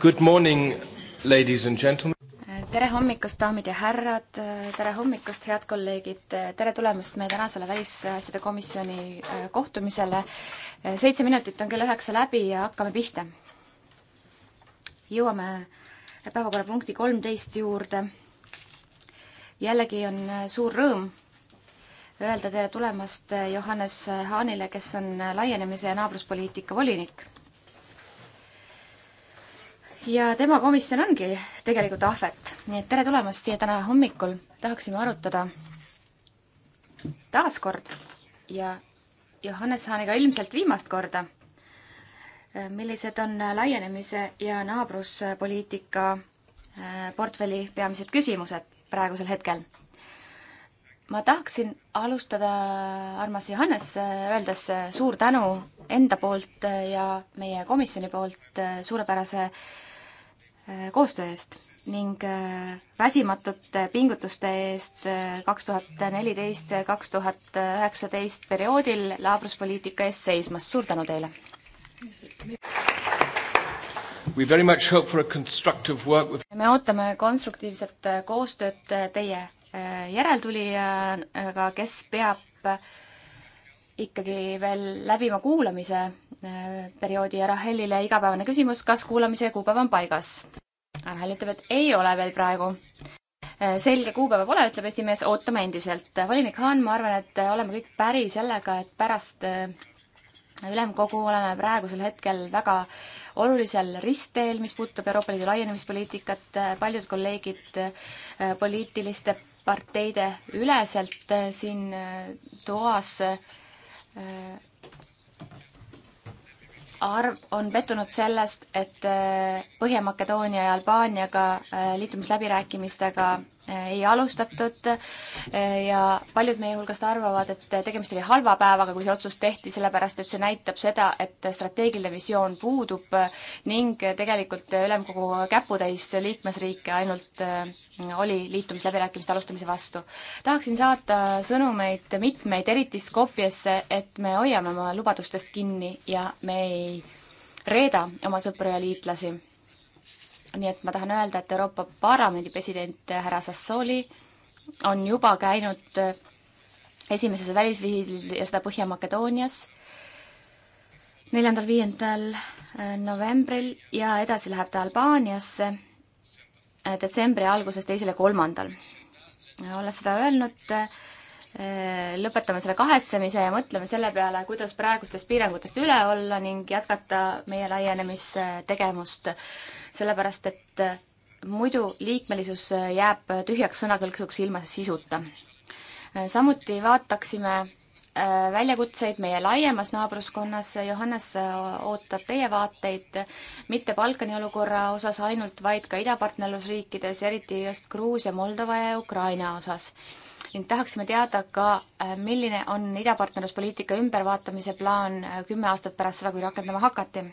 Good morning, ladies and gentlemen. tere hommikust, daamid ja härrad, tere hommikust, head kolleegid, tere tulemast meie tänasele välisasjade komisjoni äh, kohtumisele. seitse minutit on kell üheksa läbi ja hakkame pihta. jõuame päevakorrapunkti kolmteist juurde. jällegi on äh, suur rõõm öelda tere tulemast äh, Johannes Haanile, kes on laienemise ja naabruspoliitika volinik ja tema komisjon ongi tegelikult ahvet, nii et tere tulemast siia täna hommikul, tahaksime arutada taaskord ja Johannes Haaniga ilmselt viimast korda, äh, millised on laienemise ja naabruspoliitika äh, portfelli peamised küsimused praegusel hetkel. ma tahaksin alustada, armas Johannes, äh, öeldes suur tänu enda poolt ja meie komisjoni poolt suurepärase äh, koostöö eest ning äh, väsimatute pingutuste eest äh, kaks tuhat neliteist, kaks tuhat üheksateist perioodil laabruspoliitika eest seismas. suur tänu teile! With... me ootame konstruktiivset äh, koostööd teie järeltulijaga, kes peab ikkagi veel läbima kuulamise äh, perioodi ja Rahelile igapäevane küsimus, kas kuulamise kuupäev on paigas? Rahel ütleb, et ei ole veel praegu. Äh, selge kuupäeva pole, ütleb esimees, ootame endiselt. volinik Haan, ma arvan, et äh, oleme kõik päri sellega, et pärast ülemkogu oleme praegusel hetkel väga olulisel ristteel, mis puudutab Euroopa Liidu laienemispoliitikat, paljud kolleegid poliitiliste parteide üleselt siin toas Äh, arv, on pettunud sellest, et äh, Põhja-Makedoonia ja Albaaniaga äh, liitumisläbirääkimistega ei alustatud eh, ja paljud meie hulgast arvavad, et tegemist oli halva päevaga, kui see otsus tehti, sellepärast et see näitab seda, et strateegiline visioon puudub ning tegelikult ülemkogu käputäis liikmesriike ainult eh, oli liitumisläbirääkimiste alustamise vastu. tahaksin saata sõnumeid mitmeid, eriti Skopjesse, et me hoiame oma lubadustest kinni ja me ei reeda oma sõpru ja liitlasi nii et ma tahan öelda, et Euroopa Parlamendi president äh, härra Sassoli on juba käinud äh, esimeses välisviisil ja seda Põhja-Makedoonias neljandal-viiendal äh, novembril ja edasi läheb ta Albaaniasse detsembri alguses teisel ja kolmandal. olles seda öelnud, Äh, lõpetame selle kahetsemise ja mõtleme selle peale, kuidas praegustest piirangutest üle olla ning jätkata meie laienemistegevust. sellepärast, et äh, muidu liikmelisus äh, jääb tühjaks sõnakõlksuks ilma sisuta. samuti vaataksime väljakutseid meie laiemas naabruskonnas. Johannes ootab teie vaateid mitte Balkani olukorra osas ainult, vaid ka idapartnerlusriikides, eriti just Gruusia, Moldova ja Ukraina osas ning tahaksime teada ka, äh, milline on idapartnerluspoliitika ümbervaatamise plaan äh, kümme aastat pärast seda, kui rakendama hakati.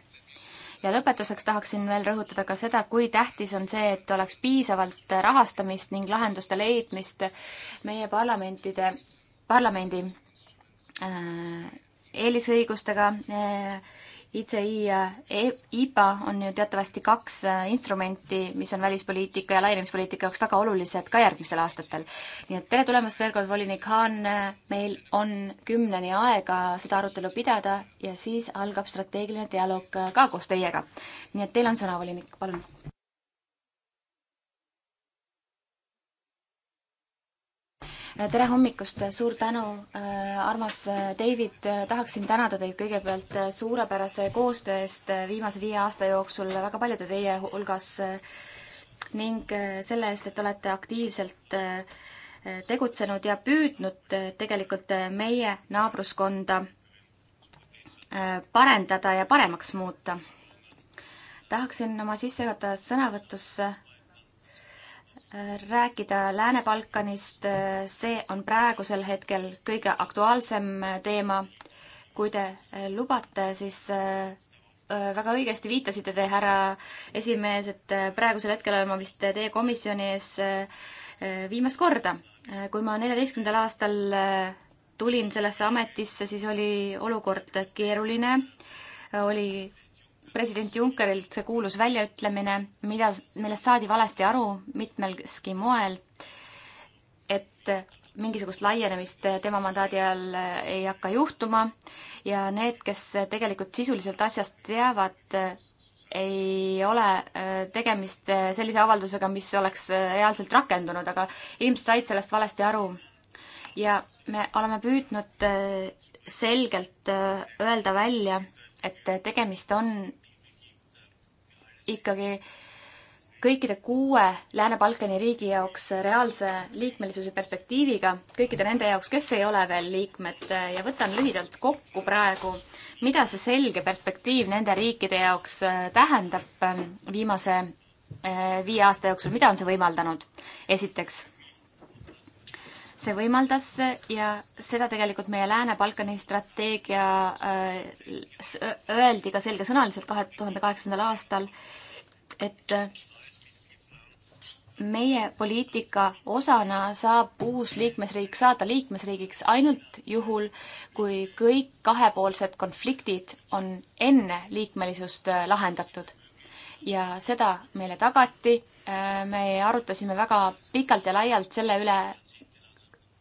ja lõpetuseks tahaksin veel rõhutada ka seda, kui tähtis on see, et oleks piisavalt äh, rahastamist ning lahenduste leidmist meie parlamentide, parlamendi eelisõigustega äh, ICI ja e-, IPA on ju teatavasti kaks äh, instrumenti, mis on välispoliitika ja laienemispoliitika jaoks väga olulised ka järgmisel aastatel. nii et tere tulemast veel kord, volinik Haan, meil on kümneni aega seda arutelu pidada ja siis algab strateegiline dialoog äh, ka koos teiega. nii et teil on sõna, volinik, palun. tere hommikust, suur tänu, äh, armas äh, David, tahaksin tänada teid kõigepealt äh, suurepärase koostöö eest viimase viie aasta jooksul väga paljude teie hulgas ning selle eest, et olete aktiivselt tegutsenud ja püüdnud tegelikult meie naabruskonda parendada ja paremaks muuta. tahaksin oma sissejuhatavas sõnavõtus rääkida Lääne-Balkanist, see on praegusel hetkel kõige aktuaalsem teema. kui te lubate, siis äh, väga õigesti viitasite te, härra esimees, et äh, praegusel hetkel olen ma vist teie komisjoni ees äh, viimast korda. kui ma neljateistkümnendal aastal tulin sellesse ametisse, siis oli olukord keeruline, oli president Junckerilt see kuulus väljaütlemine, mida, millest saadi valesti aru mitmelgi moel, et mingisugust laienemist tema mandaadi ajal ei hakka juhtuma ja need, kes tegelikult sisuliselt asjast teavad, ei ole äh, tegemist äh, sellise avaldusega, mis oleks äh, reaalselt rakendunud, aga ilmselt said sellest valesti aru. ja me oleme püüdnud selgelt öelda välja, et tegemist on ikkagi kõikide kuue Lääne-Balkani riigi jaoks reaalse liikmelisuse perspektiiviga, kõikide nende jaoks, kes ei ole veel liikmed ja võtan lühidalt kokku praegu, mida see selge perspektiiv nende riikide jaoks äh, tähendab ähm, viimase äh, viie aasta jooksul, mida on see võimaldanud? esiteks see võimaldas ja seda tegelikult meie Lääne-Balkani strateegia äh, öeldi ka selgesõnaliselt kahe tuhande kaheksandal aastal, et äh, meie poliitika osana saab uus liikmesriik saada liikmesriigiks ainult juhul, kui kõik kahepoolsed konfliktid on enne liikmelisust äh, lahendatud ja seda meile tagati. me arutasime väga pikalt ja laialt selle üle,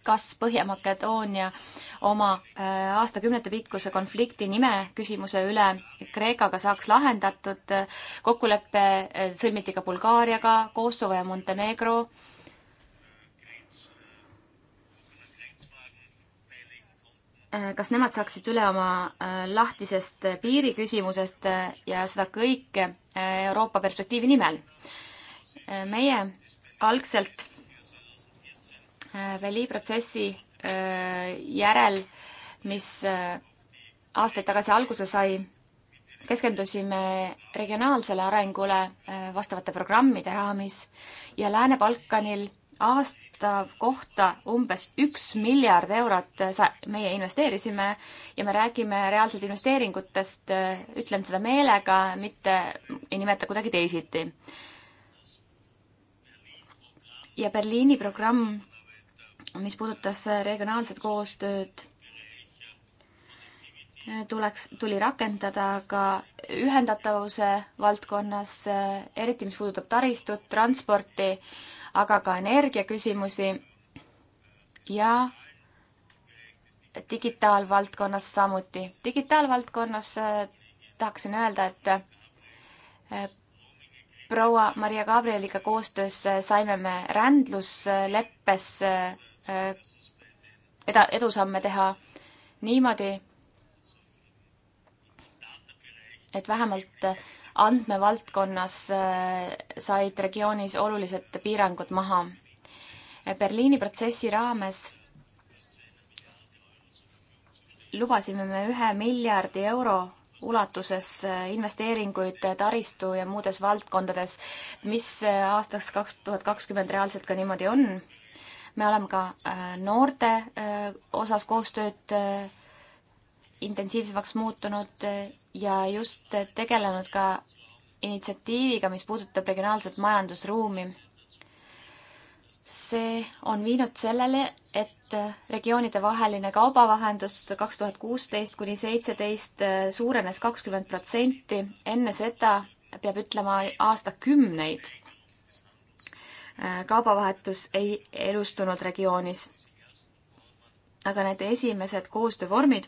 kas Põhja-Makedoonia oma äh, aastakümnete pikkuse konflikti nime küsimuse üle Kreekaga saaks lahendatud. kokkulepe äh, sõlmiti ka Bulgaariaga, Kosovo ja Montenegro. Äh, kas nemad saaksid üle oma lahtisest piiriküsimusest ja seda kõike Euroopa perspektiivi nimel? meie algselt Veli protsessi äh, järel, mis äh, aastaid tagasi alguse sai, keskendusime regionaalsele arengule äh, vastavate programmide raamis ja Lääne-Balkanil aasta kohta umbes üks miljard eurot meie investeerisime ja me räägime reaalselt investeeringutest, ütlen seda meelega, mitte ei nimeta kuidagi teisiti. ja Berliini programm mis puudutas äh, regionaalset koostööd, äh, tuleks, tuli rakendada ka ühendatavuse valdkonnas, äh, eriti mis puudutab taristut, transporti, aga ka energiaküsimusi ja digitaalvaldkonnas samuti. digitaalvaldkonnas tahaksin öelda, et proua Maria Gabrieliga koostöös saime me rändlusleppes Äh, eda-, edusamme teha niimoodi, et vähemalt andmevaldkonnas äh, said regioonis olulised piirangud maha. Berliini protsessi raames lubasime me ühe miljardi euro ulatuses äh, investeeringuid taristu ja muudes valdkondades, mis aastaks kaks tuhat kakskümmend reaalselt ka niimoodi on me oleme ka äh, noorte äh, osas koostööd äh, intensiivsemaks muutunud ja just tegelenud ka initsiatiiviga, mis puudutab regionaalset majandusruumi. see on viinud sellele, et regioonide vaheline kaubavahendus kaks tuhat kuusteist kuni seitseteist suurenes kakskümmend protsenti, enne seda peab ütlema aastakümneid Äh, kaubavahetus ei elustunud regioonis. aga need esimesed koostöövormid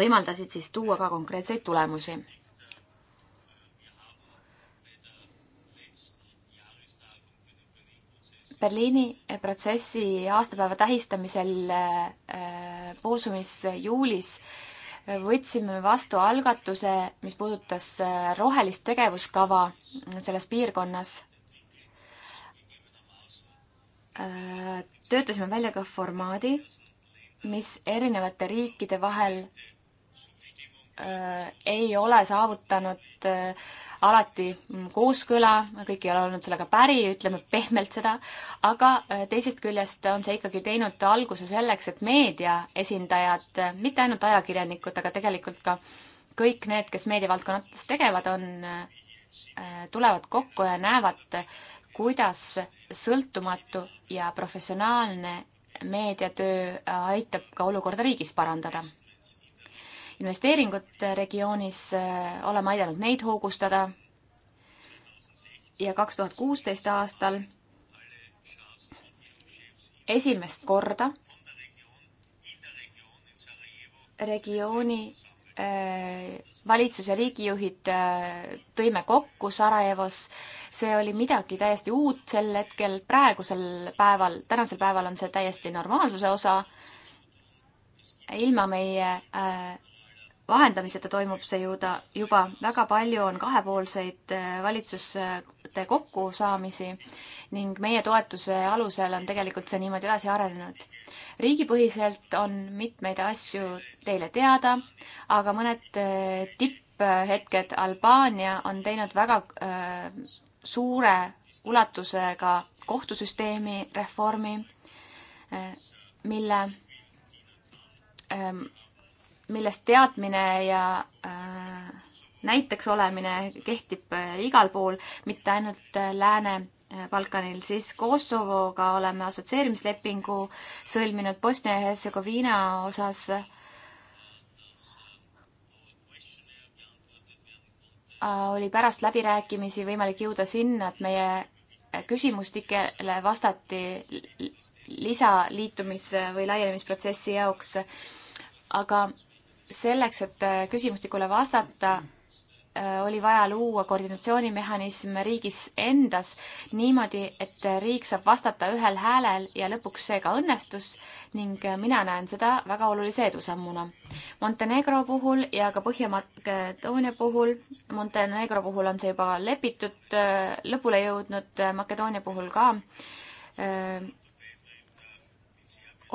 võimaldasid siis tuua ka konkreetseid tulemusi. Berliini protsessi aastapäeva tähistamisel Posumis äh, juulis võtsime vastu algatuse, mis puudutas äh, rohelist tegevuskava selles piirkonnas Äh, töötasime välja ka formaadi, mis erinevate riikide vahel äh, ei ole saavutanud äh, alati mm, kooskõla, kõik ei ole olnud sellega päri, ütleme pehmelt seda, aga teisest küljest on see ikkagi teinud alguse selleks, et meedia esindajad, mitte ainult ajakirjanikud, aga tegelikult ka kõik need, kes meediavaldkonnas tegevad, on, tulevad kokku ja näevad, kuidas sõltumatu ja professionaalne meediatöö äh, aitab ka olukorda riigis parandada. investeeringud regioonis äh, oleme aidanud neid hoogustada ja kaks tuhat kuusteist aastal esimest korda regiooni äh, valitsus ja riigijuhid äh, tõime kokku Sarajevos. see oli midagi täiesti uut sel hetkel, praegusel päeval, tänasel päeval on see täiesti normaalsuse osa. ilma meie äh, vahendamiseta toimub see ju ta juba, väga palju on kahepoolseid äh, valitsuste kokkusaamisi ning meie toetuse alusel on tegelikult see niimoodi edasi arenenud riigipõhiselt on mitmeid asju teile teada, aga mõned äh, tipphetked Albaania on teinud väga äh, suure ulatusega kohtusüsteemi reformi äh,, mille äh,, millest teadmine ja äh, näiteks olemine kehtib äh, igal pool, mitte ainult lääne Äh, Balkanil, siis Kosovoga oleme assotsieerimislepingu sõlminud Bosnia ja Hertsegoviina osas. Äh, oli pärast läbirääkimisi võimalik jõuda sinna, et meie küsimustikele vastati lisaliitumis- või laienemisprotsessi jaoks. aga selleks, et äh, küsimustikule vastata, Äh, oli vaja luua koordinatsioonimehhanism riigis endas niimoodi, et riik saab vastata ühel häälel ja lõpuks see ka õnnestus ning äh, mina näen seda väga olulise edusammuna. Montenegro puhul ja ka Põhja-Makedoonia puhul, Montenegro puhul on see juba lepitud, äh, lõpule jõudnud, Makedoonia puhul ka,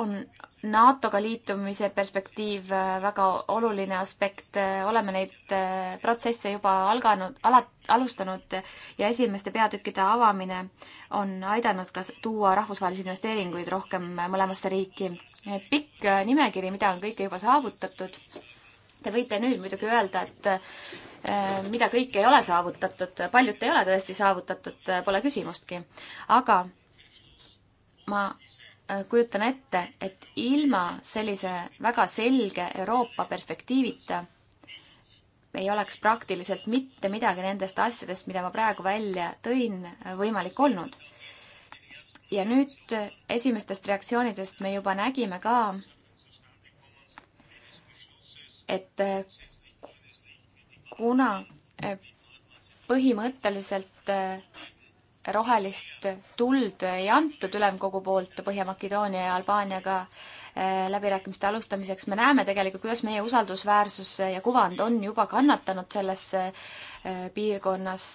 on NATO-ga liitumise perspektiiv äh, väga oluline aspekt, äh, oleme neid äh, protsesse juba alganud, ala, alustanud ja esimeste peatükkide avamine on aidanud ka tuua rahvusvahelisi investeeringuid rohkem mõlemasse riiki. nii et pikk nimekiri, mida on kõike juba saavutatud. Te võite nüüd muidugi öelda, et mida kõike ei ole saavutatud, paljut ei ole tõesti saavutatud, pole küsimustki, aga ma Äh, kujutan ette, et ilma sellise väga selge Euroopa perspektiivita ei oleks praktiliselt mitte midagi nendest asjadest, mida ma praegu välja tõin, äh, võimalik olnud. ja nüüd äh, esimestest reaktsioonidest me juba nägime ka, et kuna põhimõtteliselt rohelist tuld ei antud ülemkogu poolt Põhja-Makedoonia ja Albaaniaga äh, läbirääkimiste alustamiseks, me näeme tegelikult, kuidas meie usaldusväärsus ja kuvand on juba kannatanud selles äh, piirkonnas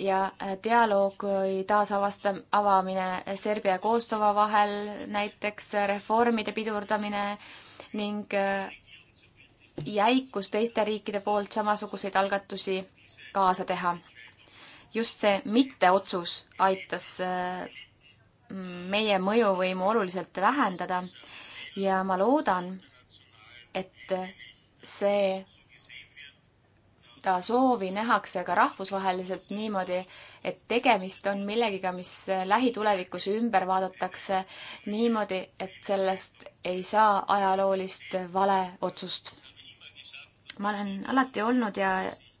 ja äh, dialoogi taasavasta-, avamine Serbia ja Kosovo vahel näiteks, reformide pidurdamine ning jäikus teiste riikide poolt samasuguseid algatusi kaasa teha just see mitteotsus aitas äh, meie mõjuvõimu oluliselt vähendada ja ma loodan, et see ta soovi nähakse ka rahvusvaheliselt niimoodi, et tegemist on millegiga, mis lähitulevikus ümber vaadatakse niimoodi, et sellest ei saa ajaloolist valeotsust. ma olen alati olnud ja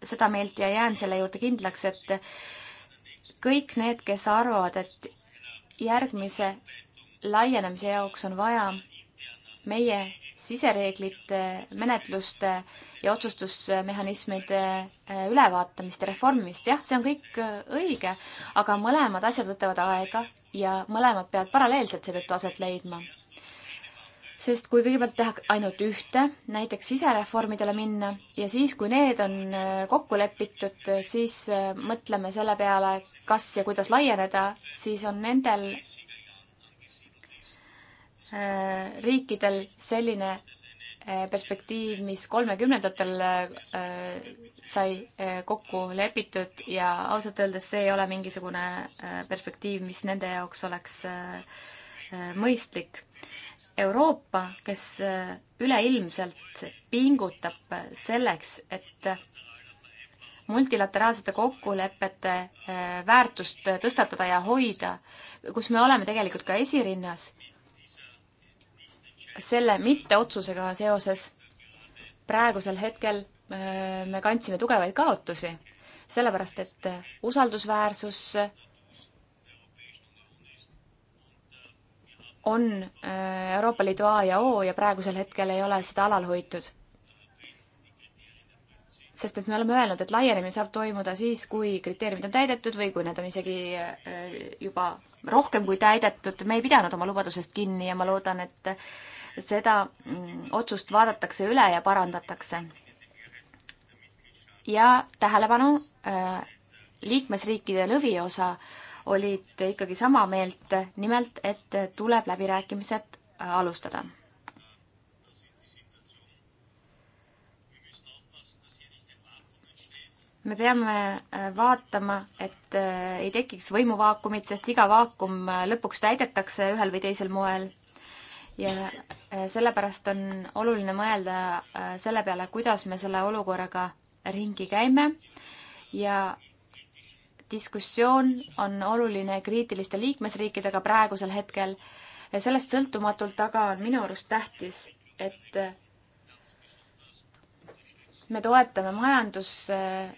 seda meelt ja jään selle juurde kindlaks, et kõik need, kes arvavad, et järgmise laienemise jaoks on vaja meie sisereeglite, menetluste ja otsustusmehhanismide äh, ülevaatamist ja reformimist, jah, see on kõik äh, õige, aga mõlemad asjad võtavad aega ja mõlemad peavad paralleelselt seetõttu aset leidma sest kui kõigepealt teha ainult ühte, näiteks sisereformidele minna ja siis, kui need on äh, kokku lepitud, siis äh, mõtleme selle peale, kas ja kuidas laieneda, siis on nendel äh, riikidel selline perspektiiv, mis kolmekümnendatel sai kokku lepitud ja ausalt öeldes see ei ole mingisugune perspektiiv, mis nende jaoks oleks mõistlik Euroopa, kes äh, üleilmselt pingutab äh, selleks, et multilateraalsete kokkulepete äh, väärtust tõstatada ja hoida, kus me oleme tegelikult ka esirinnas selle mitteotsusega seoses praegusel hetkel me kandsime tugevaid kaotusi, sellepärast et usaldusväärsus on äh, Euroopa Liidu A ja O ja praegusel hetkel ei ole seda alal hoitud. sest et me oleme öelnud, et laienemine saab toimuda siis, kui kriteeriumid on täidetud või kui need on isegi äh, juba rohkem kui täidetud, me ei pidanud oma lubadusest kinni ja ma loodan, et seda mm, otsust vaadatakse üle ja parandatakse. ja tähelepanu, äh, liikmesriikide lõviosa äh, olid ikkagi sama meelt, nimelt, et tuleb läbirääkimised äh, alustada. me peame äh, vaatama, et äh, ei tekiks võimuvaakumit, sest iga vaakum lõpuks täidetakse ühel või teisel moel ja sellepärast on oluline mõelda selle peale, kuidas me selle olukorraga ringi käime ja diskussioon on oluline kriitiliste liikmesriikidega praegusel hetkel ja sellest sõltumatult aga on minu arust tähtis, et me toetame majandusarengut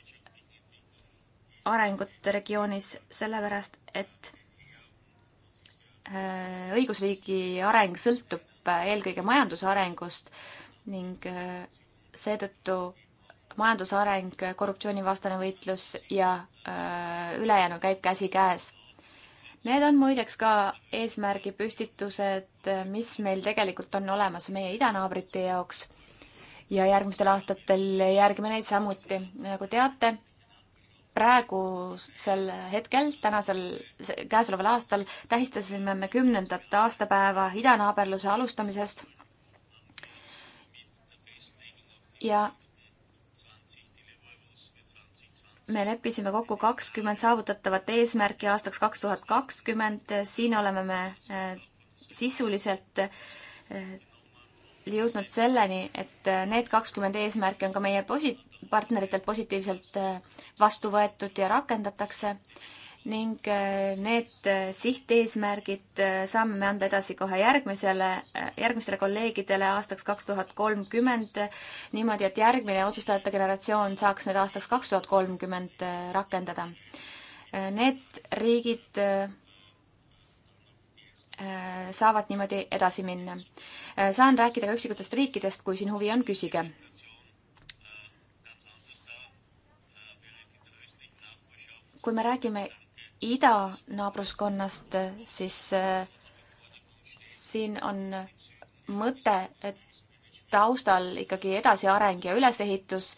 regioonis sellepärast, et äh, õigusriigi areng sõltub eelkõige majanduse arengust ning äh, seetõttu majandusareng, korruptsioonivastane võitlus ja äh, ülejäänu käib käsikäes. Need on muideks ka eesmärgipüstitused, mis meil tegelikult on olemas meie idanaabrite jaoks ja järgmistel aastatel järgime neid samuti. nagu teate, praegusel hetkel, tänasel, käesoleval aastal tähistasime me kümnendat aastapäeva idanaaberluse alustamisest ja me leppisime kokku kakskümmend saavutatavat eesmärki aastaks kaks tuhat kakskümmend, siin oleme me eh, sisuliselt eh, jõudnud selleni, et eh, need kakskümmend eesmärki on ka meie posi-, partneritelt positiivselt vastu võetud ja rakendatakse ning äh, need äh, sihteesmärgid äh, saame me anda edasi kohe järgmisele, järgmistele kolleegidele aastaks kaks tuhat kolmkümmend, niimoodi, et järgmine otsustajate generatsioon saaks need aastaks kaks tuhat kolmkümmend rakendada. Need riigid saavad niimoodi edasi minna. saan rääkida ka üksikutest riikidest, kui siin huvi on, küsige kui me räägime idanaabruskonnast, siis äh, siin on mõte, et taustal ikkagi edasiareng ja ülesehitus,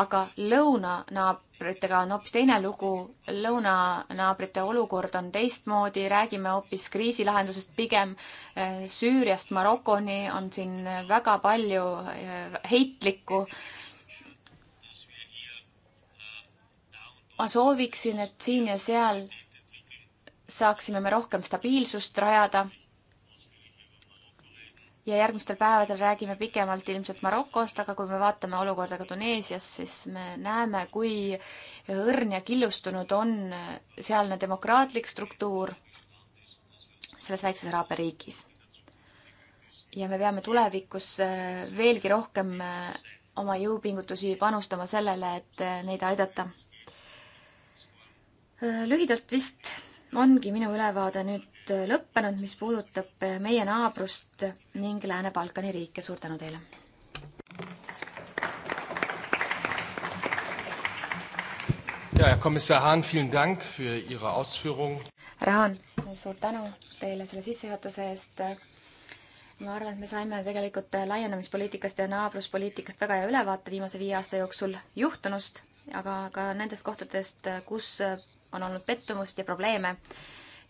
aga lõunanaabritega on hoopis teine lugu, lõunanaabrite olukord on teistmoodi, räägime hoopis kriisilahendusest pigem, äh, Süüriast Marokoni on siin väga palju äh, heitlikku. ma sooviksin, et siin ja seal saaksime me rohkem stabiilsust rajada. ja järgmistel päevadel räägime pikemalt ilmselt Marokost, aga kui me vaatame olukorda ka Tuneesias, siis me näeme, kui õrn ja killustunud on sealne demokraatlik struktuur selles väikses araabia riigis. ja me peame tulevikus äh, veelgi rohkem äh, oma jõupingutusi panustama sellele, et äh, neid aidata. lühidalt vist ongi minu ülevaade nüüd lõppenud, mis puudutab meie naabrust ning Lääne-Balkani riike. suur tänu teile! ja, Herr Kommissar Hahn, vielen Dank für Ihre Ausführung. härra Hahn, suur tänu teile selle sissejuhatuse eest. ma arvan, et me saime tegelikult laienemispoliitikast ja naabruspoliitikast väga hea ülevaate viimase viie aasta jooksul juhtunust, aga ka nendest kohtadest, kus on olnud pettumust ja probleeme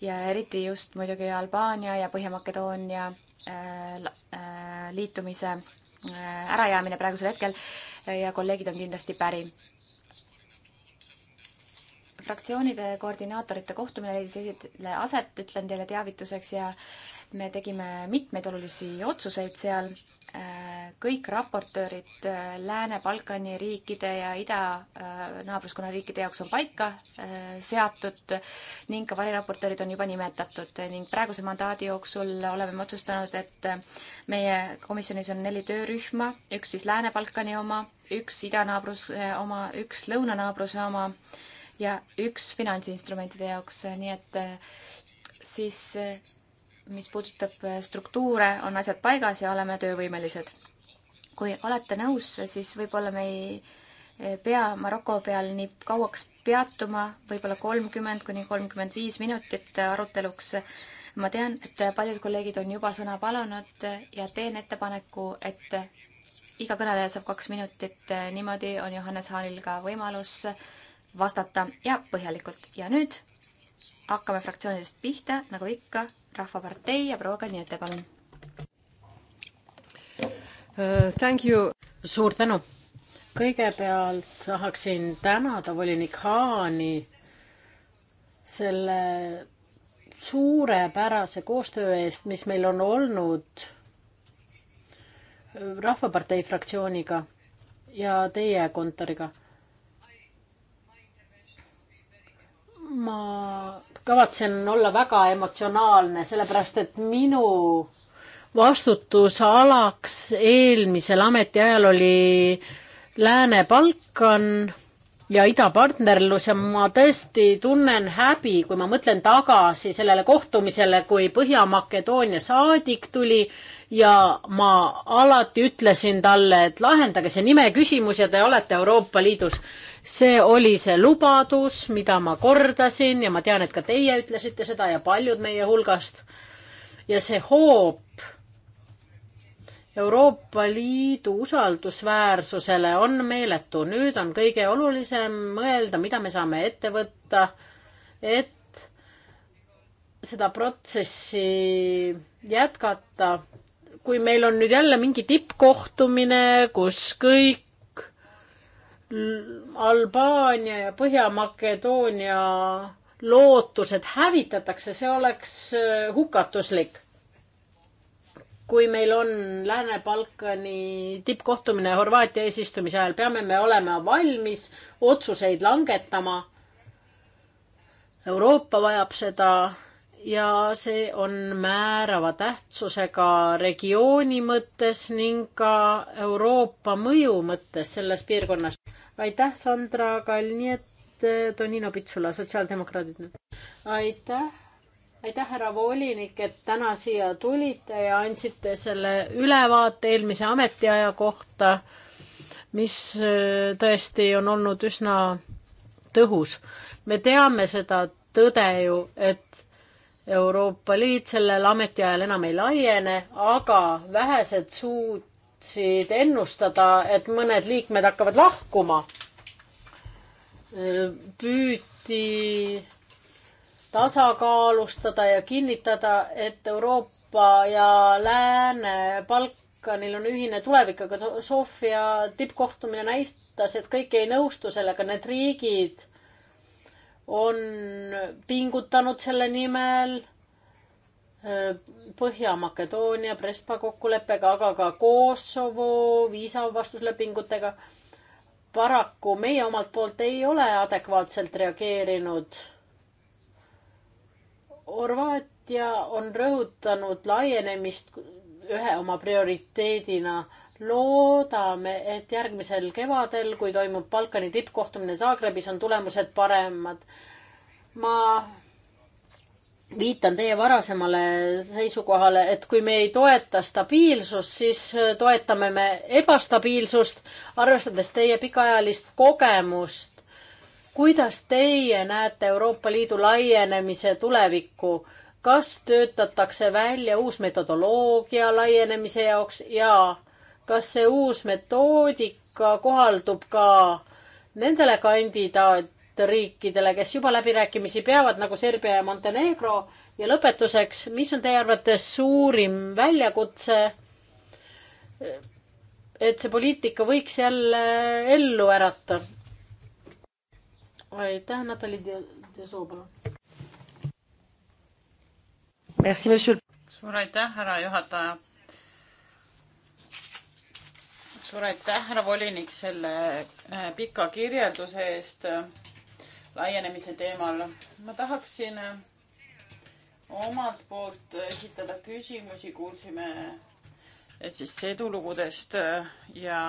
ja eriti just muidugi Albaania ja Põhja-Makedoonia äh, äh, liitumise äh, ärajäämine praegusel hetkel ja kolleegid on kindlasti päri. fraktsioonide koordinaatorite kohtumine leidis esile aset, ütlen teile teavituseks ja me tegime mitmeid olulisi otsuseid seal, kõik raportöörid Lääne-Balkani riikide ja idanaabruskonna riikide jaoks on paika äh, seatud ning ka variraportöörid on juba nimetatud ning praeguse mandaadi jooksul oleme me otsustanud, et meie komisjonis on neli töörühma, üks siis Lääne-Balkani oma, üks idanaabruse oma, üks lõunanaabruse oma ja üks finantsinstrumentide jaoks, nii et äh, siis äh, mis puudutab äh, struktuure, on asjad paigas ja oleme töövõimelised. kui olete nõus, siis võib-olla me ei äh, pea Maroko peal nii kauaks peatuma, võib-olla kolmkümmend kuni kolmkümmend viis minutit äh, aruteluks. ma tean, et paljud kolleegid on juba sõna palunud ja teen ettepaneku, et iga kõneleja saab kaks minutit, niimoodi on Johannes Haanil ka võimalus vastata ja põhjalikult. ja nüüd hakkame fraktsioonidest pihta, nagu ikka, Rahvapartei ja proua Kalniete, palun uh,. Thank you. suur tänu. kõigepealt tahaksin tänada volinik Haani selle suurepärase koostöö eest, mis meil on olnud Rahvapartei fraktsiooniga ja teie kontoriga. ma kavatsen olla väga emotsionaalne, sellepärast et minu vastutusalaks eelmisel ametiajal oli Lääne-Balkan ja idapartnerlus ja ma tõesti tunnen häbi, kui ma mõtlen tagasi sellele kohtumisele, kui Põhja-Makedoonia saadik tuli ja ma alati ütlesin talle, et lahendage see nime küsimus ja te olete Euroopa Liidus see oli see lubadus, mida ma kordasin ja ma tean, et ka teie ütlesite seda ja paljud meie hulgast. ja see hoop Euroopa Liidu usaldusväärsusele on meeletu. nüüd on kõige olulisem mõelda, mida me saame ette võtta, et seda protsessi jätkata. kui meil on nüüd jälle mingi tippkohtumine, kus kõik Albaania ja Põhja-Makedoonia lootused hävitatakse, see oleks äh, hukatuslik. kui meil on Lääne-Balkani tippkohtumine Horvaatia eesistumise ajal, peame me olema valmis otsuseid langetama. Euroopa vajab seda ja see on määrava tähtsusega regiooni mõttes ning ka Euroopa mõju mõttes selles piirkonnas aitäh, Sandra Kalniet, äh, Tonino Pitsula, sotsiaaldemokraadid nüüd. aitäh, aitäh, härra volinik, et täna siia tulite ja andsite selle ülevaate eelmise ametiaja kohta, mis äh, tõesti on olnud üsna tõhus. me teame seda tõde ju, et Euroopa Liit sellel ametiajal enam ei laiene, aga vähesed suud suutsid ennustada, et mõned liikmed hakkavad lahkuma. püüti tasakaalustada ja kinnitada, et Euroopa ja Lääne Balkanil on ühine tulevik, aga Sofia tippkohtumine näitas, et kõik ei nõustu sellega, need riigid on pingutanud selle nimel Põhja-Makedoonia Prespa kokkuleppega, aga ka Kosovo viisavabastuslepingutega. paraku meie omalt poolt ei ole adekvaatselt reageerinud. Horvaatia on rõhutanud laienemist ühe oma prioriteedina. loodame, et järgmisel kevadel, kui toimub Balkani tippkohtumine Zagrebis, on tulemused paremad. ma viitan teie varasemale seisukohale, et kui me ei toeta stabiilsust, siis toetame me ebastabiilsust, arvestades teie pikaajalist kogemust. kuidas teie näete Euroopa Liidu laienemise tulevikku? kas töötatakse välja uus metodoloogia laienemise jaoks ja kas see uus metoodika kohaldub ka nendele kandidaat, riikidele, kes juba läbirääkimisi peavad, nagu Serbia ja Montenegro. ja lõpetuseks, mis on teie arvates suurim väljakutse? et see poliitika võiks jälle ellu ärata. aitäh, Natali Desoba. suur aitäh, härra juhataja. suur aitäh, härra volinik, selle eh, pika kirjelduse eest laienemise teemal. ma tahaksin äh, omalt poolt esitada küsimusi, kuulsime siis edulugudest äh, ja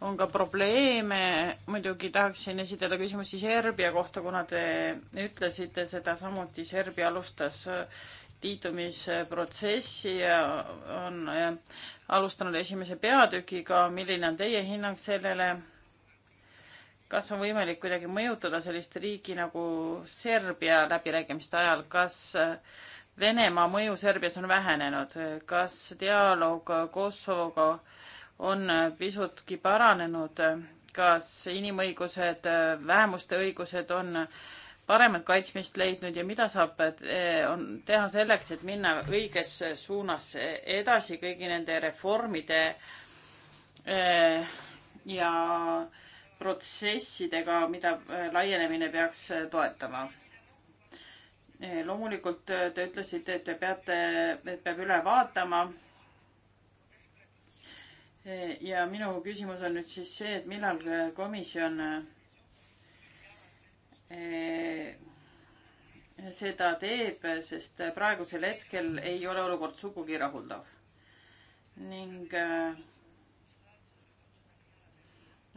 on ka probleeme, muidugi tahaksin esitada küsimusi Serbia kohta, kuna te ütlesite seda samuti, Serbia alustas äh, liitumisprotsessi ja on alustanud esimese peatükiga, milline on teie hinnang sellele? kas on võimalik kuidagi mõjutada sellist riiki nagu Serbia läbirääkimiste ajal, kas äh, Venemaa mõju Serbias on vähenenud, kas dialoog Kosovoga on äh, pisutki paranenud, kas inimõigused, äh, vähemuste õigused on paremat kaitsmist leidnud ja mida saab teha selleks, et minna õiges suunas edasi kõigi nende reformide ja äh, protsessidega, mida äh, laienemine peaks äh, toetama. Äh, loomulikult te ütlesite, et te peate, et peab üle vaatama. ja minu küsimus on nüüd siis see, et millal komisjon seda teeb, sest praegusel hetkel ei ole olukord sugugi rahuldav. ning äh,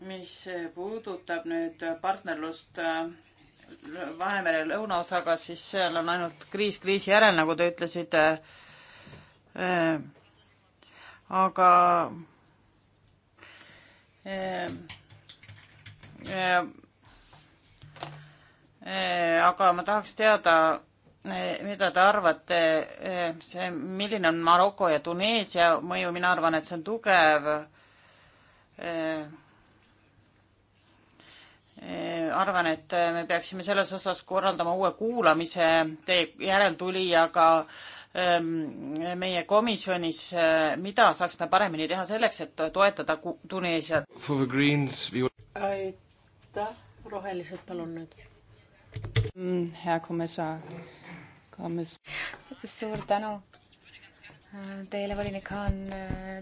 mis puudutab nüüd partnerlust äh, Vahemere lõunaosaga, siis seal on ainult kriis kriisi järel, nagu te ütlesite. Äh, aga äh, aga ma tahaks teada, mida te arvate, see, milline on Maroko ja Tuneesia mõju, mina arvan, et see on tugev Äh, arvan, et äh, me peaksime selles osas korraldama uue kuulamise teie järeltulijaga ähm, meie komisjonis, äh, mida saaks me paremini teha selleks, et toetada Tuneesiat? aitäh, rohelised, palun nüüd. Mm, hea komisjon, komisjon. suur tänu Teile, volinik Haan,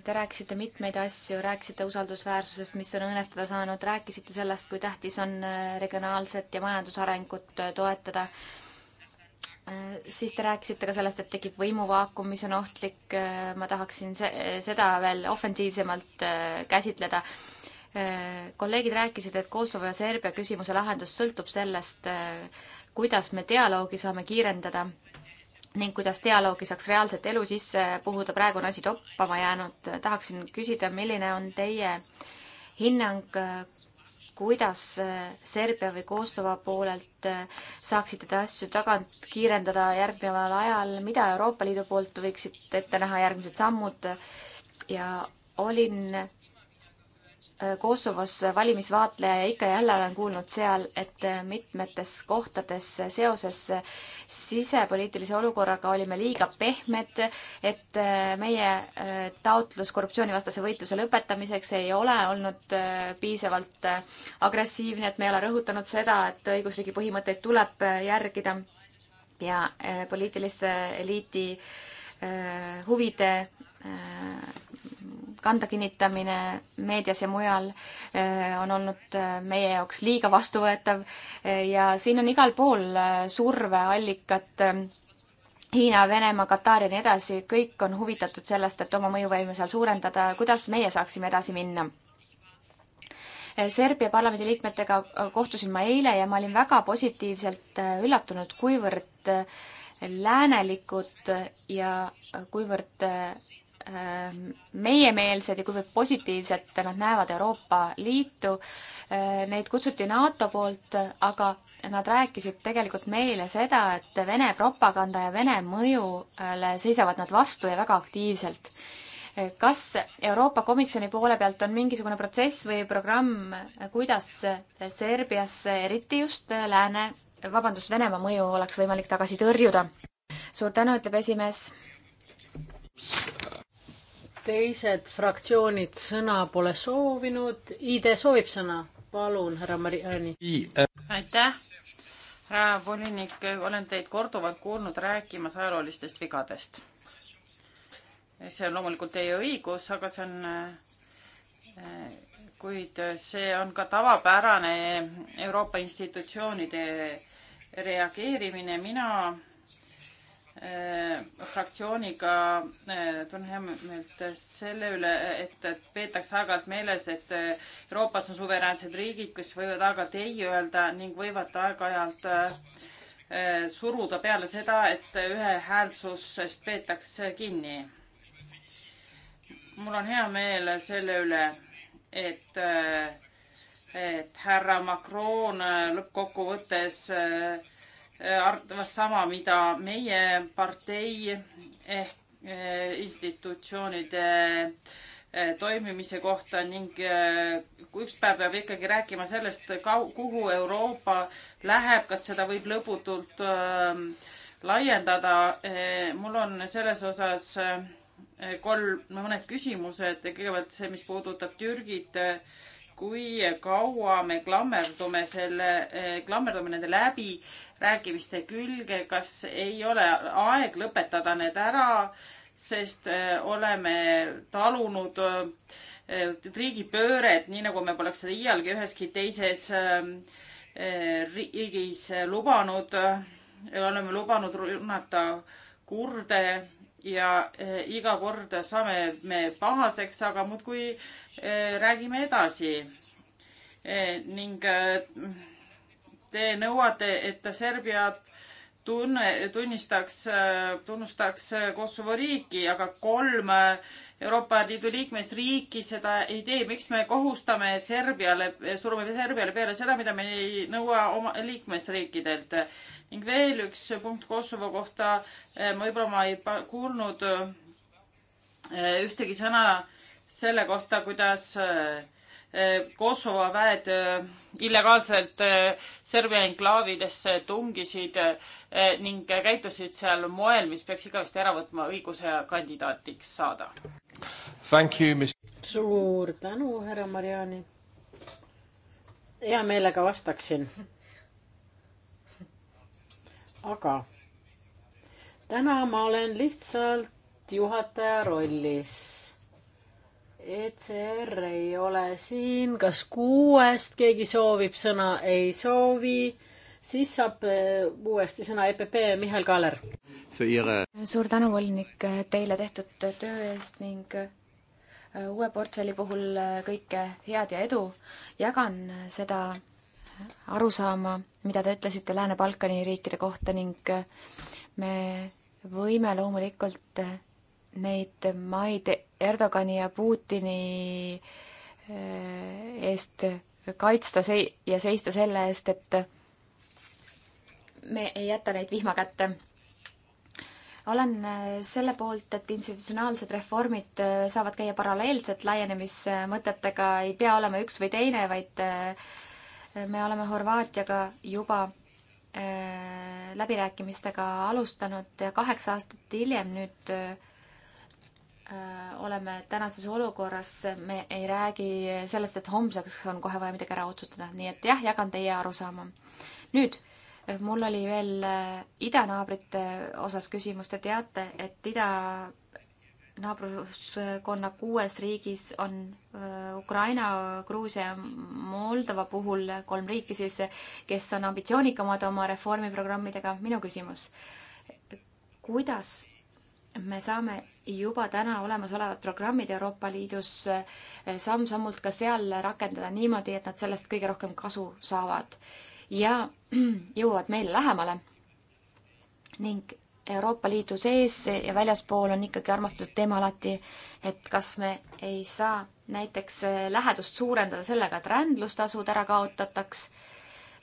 te rääkisite mitmeid asju, rääkisite usaldusväärsusest, mis on õõnestada saanud, rääkisite sellest, kui tähtis on äh, regionaalset ja majandusarengut äh, toetada. Äh, siis te rääkisite ka sellest, et tekib võimuvaakum, mis on ohtlik. ma tahaksin se seda veel ofensiivsemalt käsitleda. kolleegid rääkisid, et Kosovo ja Serbia küsimuse lahendus sõltub sellest, kuidas me dialoogi saame kiirendada ning kuidas dialoogi saaks reaalset elu sisse puhuda, praegu on asi toppama jäänud. tahaksin küsida, milline on teie hinnang, kuidas Serbia või Kosovo poolelt saaksite te asju tagant kiirendada järgneval ajal, mida Euroopa Liidu poolt võiksid ette näha järgmised sammud ja olin Äh, Kosovos valimisvaatleja ja ikka ja jälle olen kuulnud seal, et äh, mitmetes kohtades seoses sisepoliitilise olukorraga olime liiga pehmed, et äh, meie taotlus korruptsioonivastase võitluse lõpetamiseks ei ole olnud piisavalt agressiivne, et me ei ole rõhutanud seda, et õigusriigi põhimõtteid tuleb järgida ja poliitilise eliiti huvide kanda kinnitamine meedias ja mujal eh, on olnud eh, meie jaoks liiga vastuvõetav eh, ja siin on igal pool surveallikad Hiina, Venemaa, Katar ja nii edasi, kõik on huvitatud sellest, et oma mõjuvõime seal suurendada, kuidas meie saaksime edasi minna Serbia parlamendi liikmetega kohtusin ma eile ja ma olin väga positiivselt üllatunud, kuivõrd läänelikud ja kuivõrd Ähm, meiemeelsed ja kuivõrd positiivselt nad näevad Euroopa Liitu. Äh, neid kutsuti NATO poolt, aga nad rääkisid tegelikult meile seda, et Vene propaganda ja Vene mõjule seisavad nad vastu ja väga aktiivselt. kas Euroopa Komisjoni poole pealt on mingisugune protsess või programm, kuidas Serbiasse, eriti just lääne, vabandust, Venemaa mõju oleks võimalik tagasi tõrjuda? suur tänu, ütleb esimees teised fraktsioonid sõna pole soovinud. ID soovib sõna, palun, härra Mariani. Äh, äh. aitäh, härra volinik, olen teid korduvalt kuulnud rääkimas ajaloolistest vigadest. see on loomulikult teie õigus, aga see on äh, kuid see on ka tavapärane Euroopa institutsioonide reageerimine. mina Äh, fraktsiooniga äh, tunnen hea meelt selle üle, et, et peetakse aeg-ajalt meeles, et äh, Euroopas on suveräänsed riigid, kes võivad aeg-ajalt ei öelda ning võivad aeg-ajalt suruda peale seda, et ühehäälsusest peetakse kinni. mul on hea meel selle üle, et, et härra Macron lõppkokkuvõttes äh, Äh, arvas sama, mida meie partei ehk äh, institutsioonide äh, toimimise kohta ning üks päev peab ikkagi rääkima sellest, kuhu Euroopa läheb, kas seda võib lõputult ähm, laiendada. mul on selles osas kolm, mõned küsimused. kõigepealt see, mis puudutab Türgit kui kaua me klammerdume selle, klammerdume nende läbi rääkimiste külge, kas ei ole aeg lõpetada need ära, sest äh, oleme talunud äh, riigipööret, nii nagu me poleks seda iialgi üheski teises ähm, äh, riigis lubanud. oleme lubanud rünnata kurde ja iga kord saame me pahaseks, aga muudkui räägime edasi. ning Te nõuate, et Serbia tunne, tunnistaks, tunnustaks Kosovo riiki, aga kolm Euroopa Liidu liikmesriiki seda ei tee. miks me kohustame Serbiale, surume Serbiale peale seda, mida me ei nõua oma liikmesriikidelt? ning veel üks punkt Kosovo kohta. võib-olla ma ei kuulnud eh, ühtegi sõna selle kohta, kuidas äh, Eh, Kosovo väed eh, illegaalselt eh, Serbia enklaavidesse tungisid ning käitusid seal moel, mis peaks igavesti ära võtma õiguse kandidaatiks saada. suur tänu, härra Mariani. hea meelega vastaksin. aga täna ma olen lihtsalt juhataja rollis ECR ei ole siin, kas kuuest keegi soovib sõna, ei soovi, siis saab eh, uuesti sõna EPP Mihhail Kaller. suur tänu, volinik, teile tehtud töö eest ning eh, uue portfelli puhul eh, kõike head ja edu. jagan seda arusaama, mida te ütlesite Lääne-Balkani riikide kohta ning me võime loomulikult neid maid Erdogani ja Putini eh, eest kaitsta sei- ja seista selle eest, et me ei jäta neid vihma kätte. olen eh, selle poolt, et institutsionaalsed reformid eh, saavad käia paralleelselt laienemismõtetega, ei pea olema üks või teine, vaid me oleme Horvaatiaga juba läbirääkimistega alustanud ja kaheksa aastat hiljem nüüd Äh, oleme tänases olukorras, me ei räägi sellest, et homseks on kohe vaja midagi ära otsustada, nii et jah, jagan teie arusaama. nüüd, äh, mul oli veel äh, idanaabrite osas küsimus, te teate, et idanaabruskonda kuues riigis on Ukraina, Gruusia ja Moldova puhul kolm riiki siis, kes on ambitsioonikamad oma reformiprogrammidega, minu küsimus, kuidas me saame juba täna olemasolevad programmid Euroopa Liidus eh, samm-sammult ka seal rakendada niimoodi, et nad sellest kõige rohkem kasu saavad ja jõuavad meile lähemale. ning Euroopa Liidu sees ja väljaspool on ikkagi armastatud teema alati, et kas me ei saa näiteks eh, lähedust suurendada sellega, et rändlustasud ära kaotataks.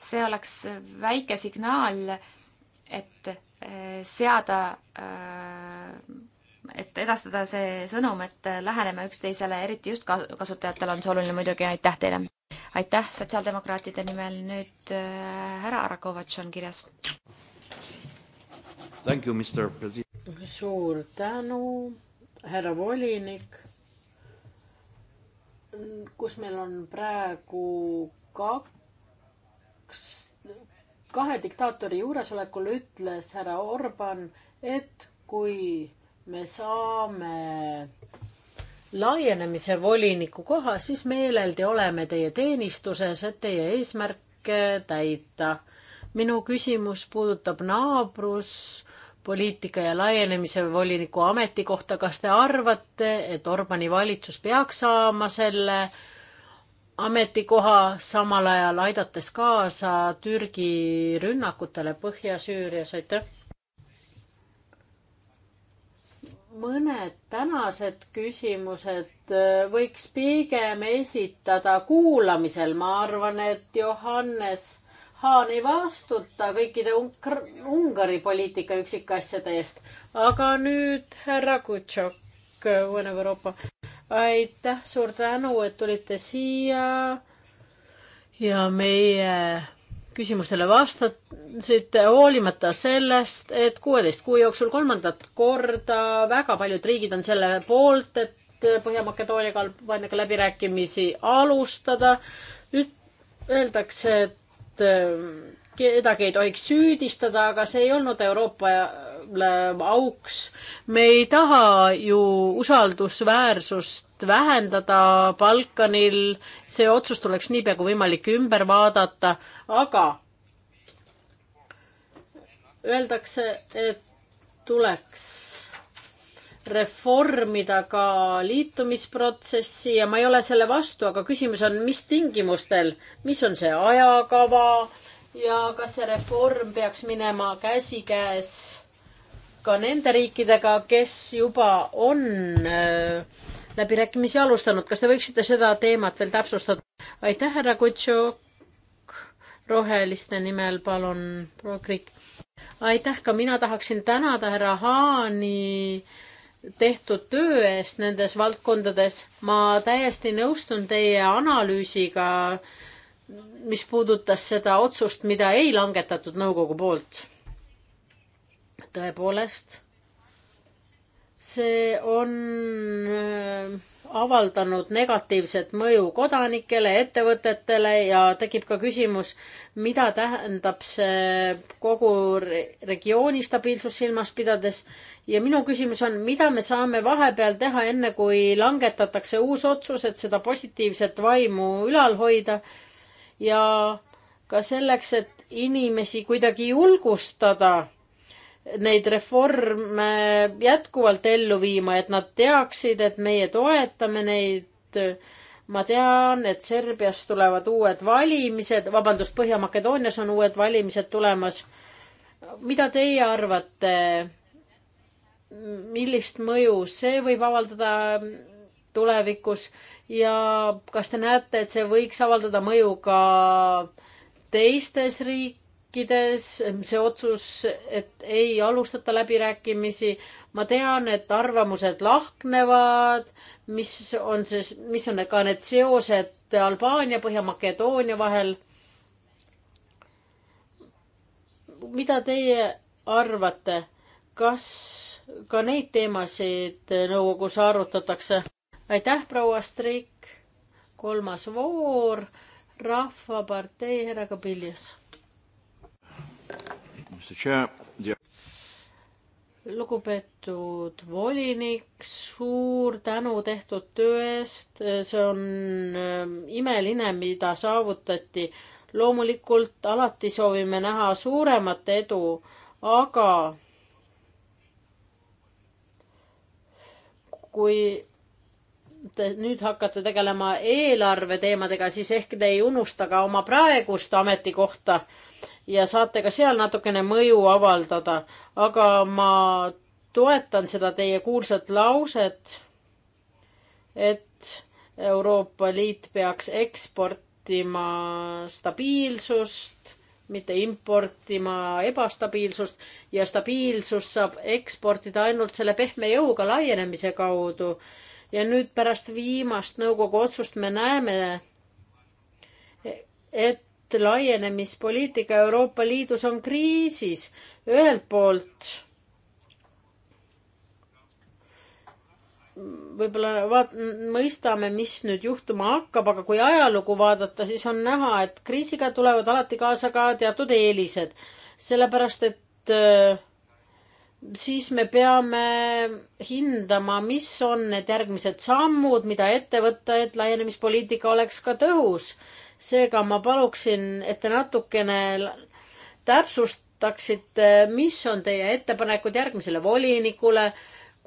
see oleks väike signaal, et Eh, seada, eh, et edastada see sõnum, et läheneme üksteisele, eriti just kasutajatele on see oluline muidugi, aitäh teile! aitäh sotsiaaldemokraatide nimel, nüüd eh, härra Arakovatš on kirjas. suur tänu, härra volinik. kus meil on praegu kaks kahe diktaatori juuresolekul ütles härra Orban, et kui me saame laienemise voliniku koha, siis meeleldi oleme teie teenistuses, et teie eesmärke täita. minu küsimus puudutab naabruspoliitika ja laienemise voliniku ametikohta. kas te arvate, et Orbani valitsus peaks saama selle äh, ametikoha, samal ajal aidates kaasa Türgi rünnakutele Põhja-Süürias, aitäh! mõned tänased küsimused äh, võiks pigem esitada kuulamisel, ma arvan, et Johannes Haan ei vastuta kõikide Ungari poliitika üksikasjade eest, aga nüüd härra Kutšok, äh, Uuenev Euroopa aitäh, suur tänu, et tulite siia ja meie küsimustele vastasite, hoolimata sellest, et kuueteist kuu jooksul kolmandat korda väga paljud riigid on selle poolt, et Põhja-Makedooniaga, Albaaniaga läbirääkimisi alustada. nüüd öeldakse, et ähm, kedagi ei tohiks süüdistada, aga see ei olnud Euroopa auks. me ei taha ju usaldusväärsust vähendada Balkanil, see otsus tuleks niipea kui võimalik ümber vaadata, aga öeldakse, et tuleks reformida ka liitumisprotsessi ja ma ei ole selle vastu, aga küsimus on, mis tingimustel, mis on see ajakava ja kas see reform peaks minema käsikäes ka nende riikidega, kes juba on äh, läbirääkimisi alustanud. kas te võiksite seda teemat veel täpsustada? aitäh, härra Kutšuk. roheliste nimel palun, proua Kriik. aitäh, ka mina tahaksin tänada härra Haani tehtud töö eest nendes valdkondades. ma täiesti nõustun teie analüüsiga, mis puudutas seda otsust, mida ei langetatud nõukogu poolt tõepoolest, see on äh, avaldanud negatiivset mõju kodanikele, ettevõtetele ja tekib ka küsimus, mida tähendab see kogu regiooni stabiilsus silmas pidades. ja minu küsimus on, mida me saame vahepeal teha, enne kui langetatakse uus otsus, et seda positiivset vaimu ülal hoida ja ka selleks, et inimesi kuidagi julgustada neid reforme jätkuvalt ellu viima, et nad teaksid, et meie toetame neid. ma tean, et Serbias tulevad uued valimised, vabandust, Põhja-Makedoonias on uued valimised tulemas. mida teie arvate, millist mõju see võib avaldada tulevikus ja kas te näete, et see võiks avaldada mõju ka teistes riikides? riikides see otsus, et ei alustata läbirääkimisi. ma tean, et arvamused lahknevad, mis on siis, mis on ka need seosed Albaania, Põhja-Makedoonia vahel. mida teie arvate, kas ka neid teemasid nõukogus arutatakse? aitäh, proua Strik. kolmas voor, Rahvapartei härra Kabiljas lugupeetud volinik, suur tänu tehtud töö eest, see on ähm, imeline, mida saavutati. loomulikult alati soovime näha suuremat edu, aga kui te nüüd hakkate tegelema eelarve teemadega, siis ehk te ei unusta ka oma praegust ametikohta ja saate ka seal natukene mõju avaldada, aga ma toetan seda teie kuulsat lauset, et Euroopa Liit peaks eksportima stabiilsust, mitte importima ebastabiilsust ja stabiilsust saab eksportida ainult selle pehme jõuga laienemise kaudu. ja nüüd pärast viimast nõukogu otsust me näeme, et et laienemispoliitika Euroopa Liidus on kriisis. ühelt poolt võib-olla vaat-, mõistame, mis nüüd juhtuma hakkab, aga kui ajalugu vaadata, siis on näha, et kriisiga tulevad alati kaasa ka teatud eelised. sellepärast, et äh, siis me peame hindama, mis on need järgmised sammud, mida ette võtta, et laienemispoliitika oleks ka tõhus seega ma paluksin, et te natukene täpsustaksite, mis on teie ettepanekud järgmisele volinikule,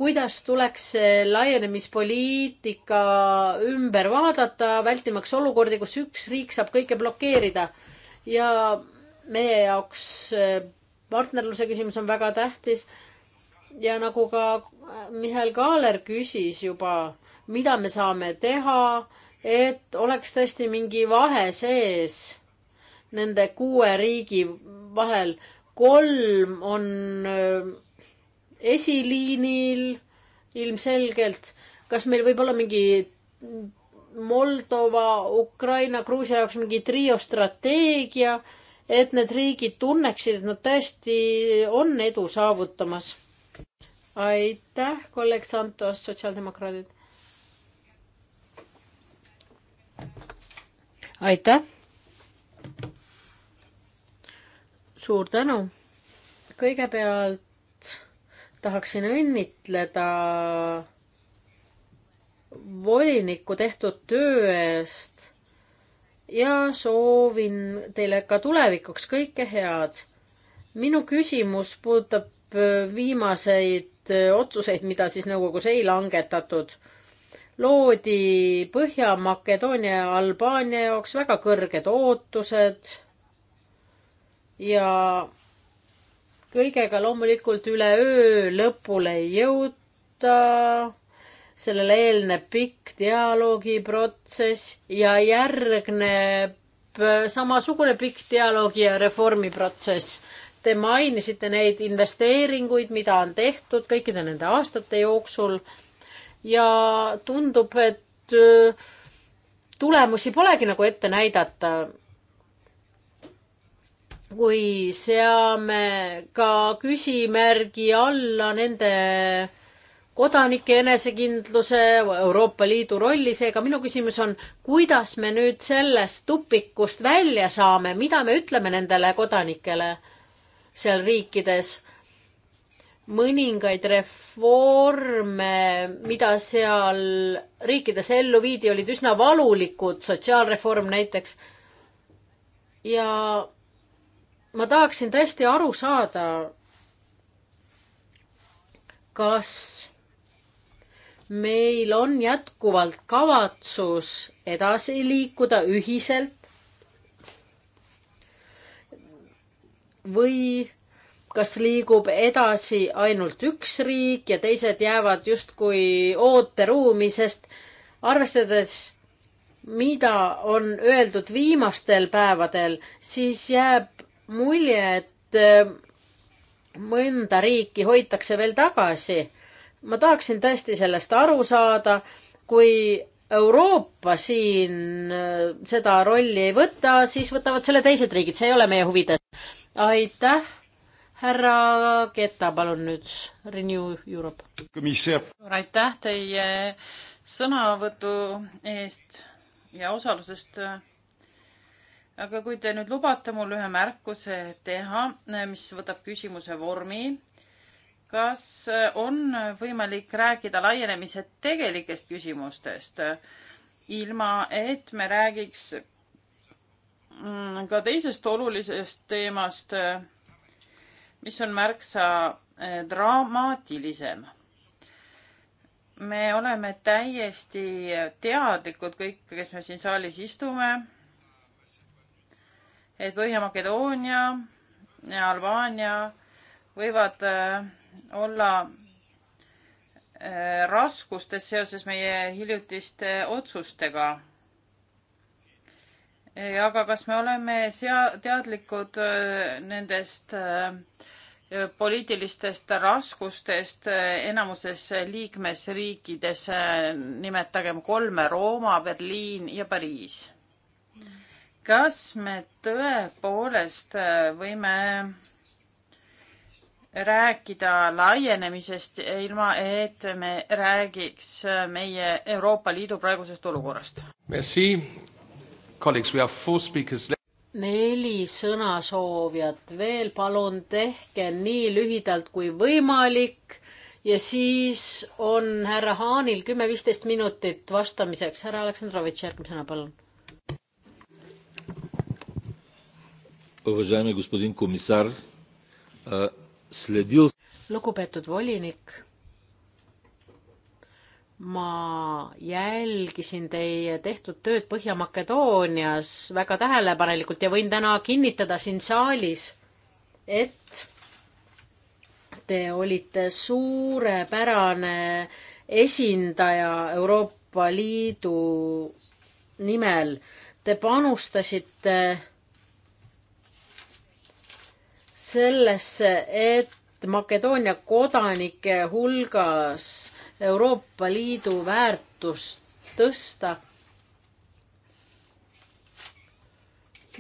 kuidas tuleks see laienemispoliitika ümber vaadata, vältimaks olukordi, kus üks riik saab kõike blokeerida. ja meie jaoks äh, partnerluse küsimus on väga tähtis. ja nagu ka Mihhail Kaaler küsis juba, mida me saame teha et oleks tõesti mingi vahe sees nende kuue riigi vahel. kolm on esiliinil ilmselgelt. kas meil võib olla mingi Moldova, Ukraina, Gruusia jaoks mingi trio strateegia, et need riigid tunneksid, et nad tõesti on edu saavutamas? aitäh, kolleeg Santos, sotsiaaldemokraadid. aitäh. suur tänu. kõigepealt tahaksin õnnitleda voliniku tehtud töö eest ja soovin teile ka tulevikuks kõike head. minu küsimus puudutab viimaseid otsuseid, mida siis nõukogus ei langetatud loodi Põhja-Makedoonia ja Albaania jaoks väga kõrged ootused ja kõigega loomulikult üleöö lõpule ei jõuta. sellele eelneb pikk dialoogiprotsess ja järgneb samasugune pikk dialoogi ja reformiprotsess. Te mainisite neid investeeringuid, mida on tehtud kõikide nende aastate jooksul ja tundub, et äh, tulemusi polegi nagu ette näidata. kui seame ka küsimärgi alla nende kodanike enesekindluse, Euroopa Liidu rolli, seega minu küsimus on, kuidas me nüüd sellest tupikust välja saame, mida me ütleme nendele kodanikele seal riikides? mõningaid reforme, mida seal riikides ellu viidi, olid üsna valulikud, sotsiaalreform näiteks. ja ma tahaksin tõesti aru saada, kas meil on jätkuvalt kavatsus edasi liikuda ühiselt või kas liigub edasi ainult üks riik ja teised jäävad justkui ooteruumi, sest arvestades, mida on öeldud viimastel päevadel, siis jääb mulje, et eh, mõnda riiki hoitakse veel tagasi. ma tahaksin tõesti sellest aru saada, kui Euroopa siin eh, seda rolli ei võta, siis võtavad selle teised riigid, see ei ole meie huvides. aitäh härra Keta, palun nüüd, Renew Europe. aitäh teie sõnavõtu eest ja osalusest. aga kui te nüüd lubate mul ühe märkuse teha, mis võtab küsimuse vormi. kas on võimalik rääkida laienemise tegelikest küsimustest, ilma et me räägiks ka teisest olulisest teemast mis on märksa eh, dramaatilisem. me oleme täiesti teadlikud kõik, kes me siin saalis istume, et Põhja-Makedoonia ja Albaania võivad eh, olla eh, raskustes seoses meie hiljutiste otsustega aga kas me oleme sea-, teadlikud nendest äh, poliitilistest raskustest enamuses liikmesriikides, nimetagem kolme, Rooma, Berliin ja Pariis. kas me tõepoolest võime rääkida laienemisest, ilma et me räägiks meie Euroopa Liidu praegusest olukorrast? Merci, colleagues, we have four speakers left neli sõnasoovijat veel, palun tehke nii lühidalt kui võimalik ja siis on härra Haanil kümme-viisteist minutit vastamiseks. härra Aleksandrovitš, järgmisena palun. lugupeetud volinik, ma jälgisin teie tehtud tööd Põhja-Makedoonias väga tähelepanelikult ja võin täna kinnitada siin saalis, et te olite suurepärane esindaja Euroopa Liidu nimel. Te panustasite sellesse, et Makedoonia kodanike hulgas Euroopa Liidu väärtust tõsta.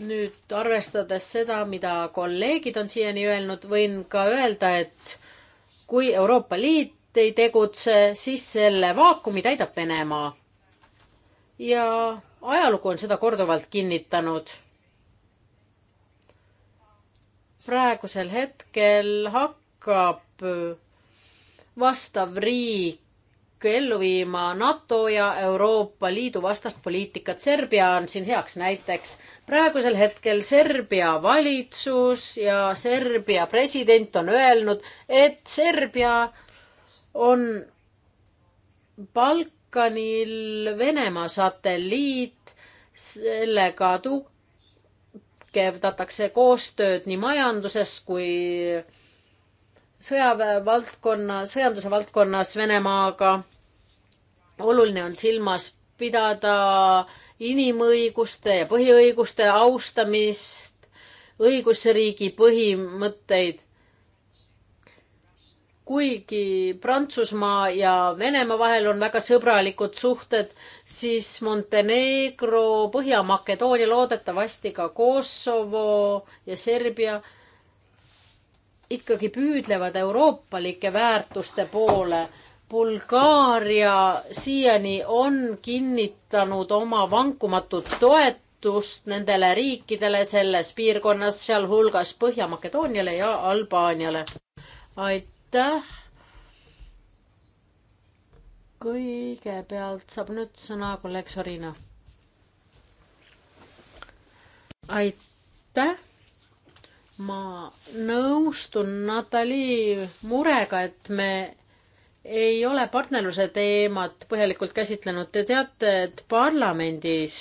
nüüd arvestades seda, mida kolleegid on siiani öelnud, võin ka öelda, et kui Euroopa Liit ei tegutse, siis selle vaakumi täidab Venemaa. ja ajalugu on seda korduvalt kinnitanud praegusel hetkel hakkab vastav riik ellu viima NATO ja Euroopa Liidu vastast poliitikat. Serbia on siin heaks näiteks. praegusel hetkel Serbia valitsus ja Serbia president on öelnud, et Serbia on Balkanil Venemaa satelliit, sellega tugevdatakse koostööd nii majanduses kui sõjaväe valdkonna, sõjanduse valdkonnas Venemaaga. oluline on silmas pidada inimõiguste ja põhiõiguste austamist, õigusriigi põhimõtteid. kuigi Prantsusmaa ja Venemaa vahel on väga sõbralikud suhted, siis Montenegro, Põhja-Makedoonia, loodetavasti ka Kosovo ja Serbia ikkagi püüdlevad euroopalike väärtuste poole. Bulgaaria siiani on kinnitanud oma vankumatut toetust nendele riikidele selles piirkonnas, sealhulgas Põhja-Makedooniale ja Albaaniale. aitäh. kõigepealt saab nüüd sõna kolleeg Sorina. aitäh ma nõustun Natali murega, et me ei ole partnerluse teemat põhjalikult käsitlenud. Te teate, et parlamendis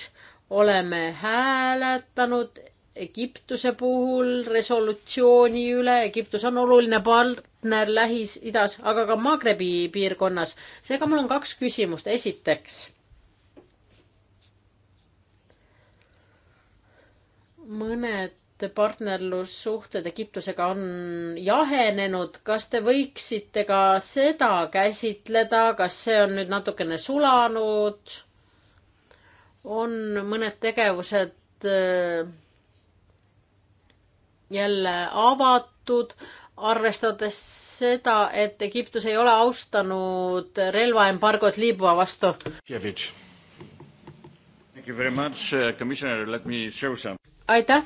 oleme hääletanud Egiptuse puhul resolutsiooni üle. Egiptus on oluline partner Lähis-Idas, aga ka Magrebi piirkonnas. seega mul on kaks küsimust. esiteks. mõned partnerlussuhted Egiptusega on jahenenud, kas te võiksite ka seda käsitleda, kas see on nüüd natukene sulanud? on mõned tegevused äh, jälle avatud, arvestades seda, et Egiptus ei ole austanud relvaembargot Liibüa vastu? Uh, aitäh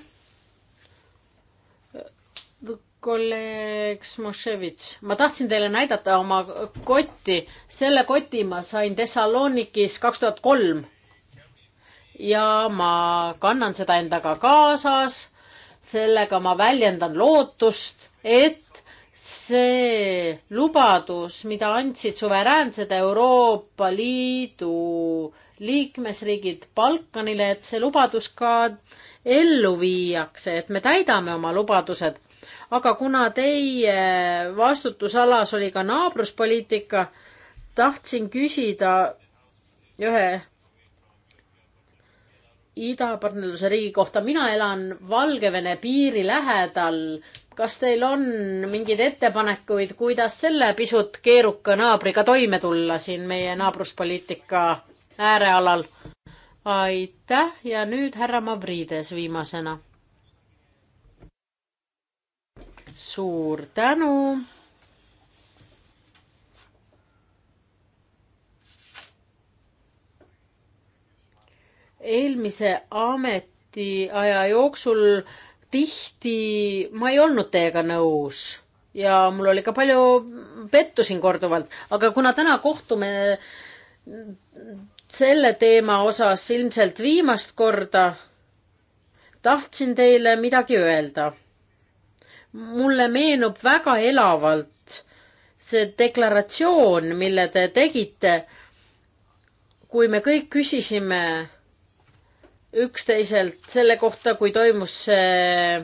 kolleeg Smoševitš, ma tahtsin teile näidata oma kotti. selle koti ma sain Thessalonikis kaks tuhat kolm. ja ma kannan seda endaga kaasas. sellega ma väljendan lootust, et see lubadus, mida andsid suveräänsed Euroopa Liidu liikmesriigid Balkanile, et see lubadus ka ellu viiakse, et me täidame oma lubadused aga kuna teie vastutusalas oli ka naabruspoliitika, tahtsin küsida ühe idapartnerluse riigi kohta. mina elan Valgevene piiri lähedal. kas teil on mingeid ettepanekuid, kuidas selle pisut keeruka naabriga toime tulla siin meie naabruspoliitika äärealal? aitäh ja nüüd härra Mavrides viimasena suur tänu. eelmise ametiaja jooksul tihti ma ei olnud teiega nõus ja mul oli ka palju pettusin korduvalt, aga kuna täna kohtume selle teema osas ilmselt viimast korda, tahtsin teile midagi öelda mulle meenub väga elavalt see deklaratsioon, mille te tegite, kui me kõik küsisime üksteiselt selle kohta, kui toimus see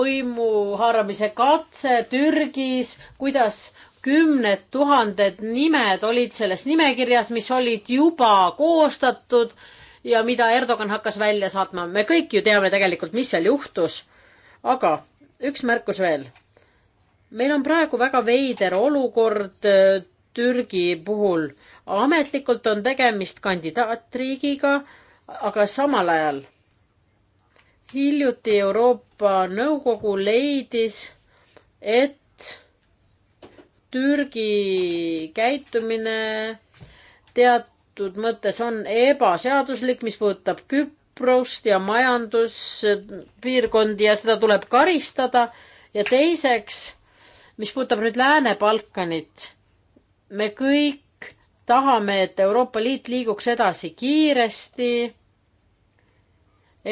võimu haaramise katse Türgis, kuidas kümned tuhanded nimed olid selles nimekirjas, mis olid juba koostatud ja mida Erdogan hakkas välja saatma. me kõik ju teame tegelikult, mis seal juhtus aga üks märkus veel. meil on praegu väga veider olukord äh, Türgi puhul. ametlikult on tegemist kandidaatriigiga, aga samal ajal hiljuti Euroopa Nõukogu leidis, et Türgi käitumine teatud mõttes on ebaseaduslik, mis puudutab Küprost Proust ja majanduspiirkond ja seda tuleb karistada. ja teiseks, mis puudutab nüüd Lääne-Balkanit, me kõik tahame, et Euroopa Liit liiguks edasi kiiresti,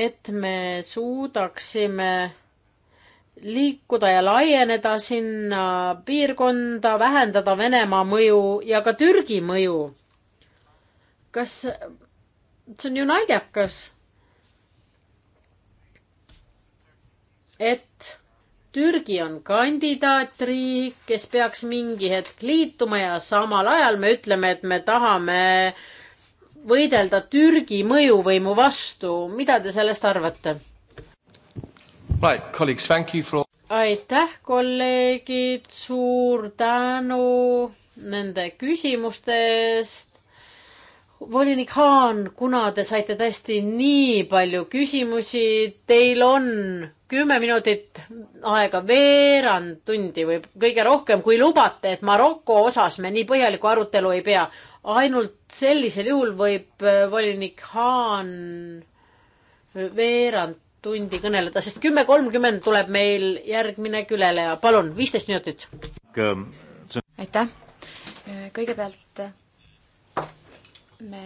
et me suudaksime liikuda ja laieneda sinna piirkonda, vähendada Venemaa mõju ja ka Türgi mõju. kas, see on ju naljakas et Türgi on kandidaatriik, kes peaks mingi hetk liituma ja samal ajal me ütleme, et me tahame võidelda Türgi mõjuvõimu vastu. mida te sellest arvate? Right, colleagues, thank you for aitäh, kolleegid, suur tänu nende küsimuste eest volinik Haan, kuna te saite tõesti nii palju küsimusi, teil on kümme minutit aega, veerand tundi või kõige rohkem, kui lubate, et Maroko osas me nii põhjalikku arutelu ei pea. ainult sellisel juhul võib äh, volinik Haan äh, veerand tundi kõneleda, sest kümme kolmkümmend tuleb meil järgmine küleleja. palun, viisteist minutit. aitäh. kõigepealt me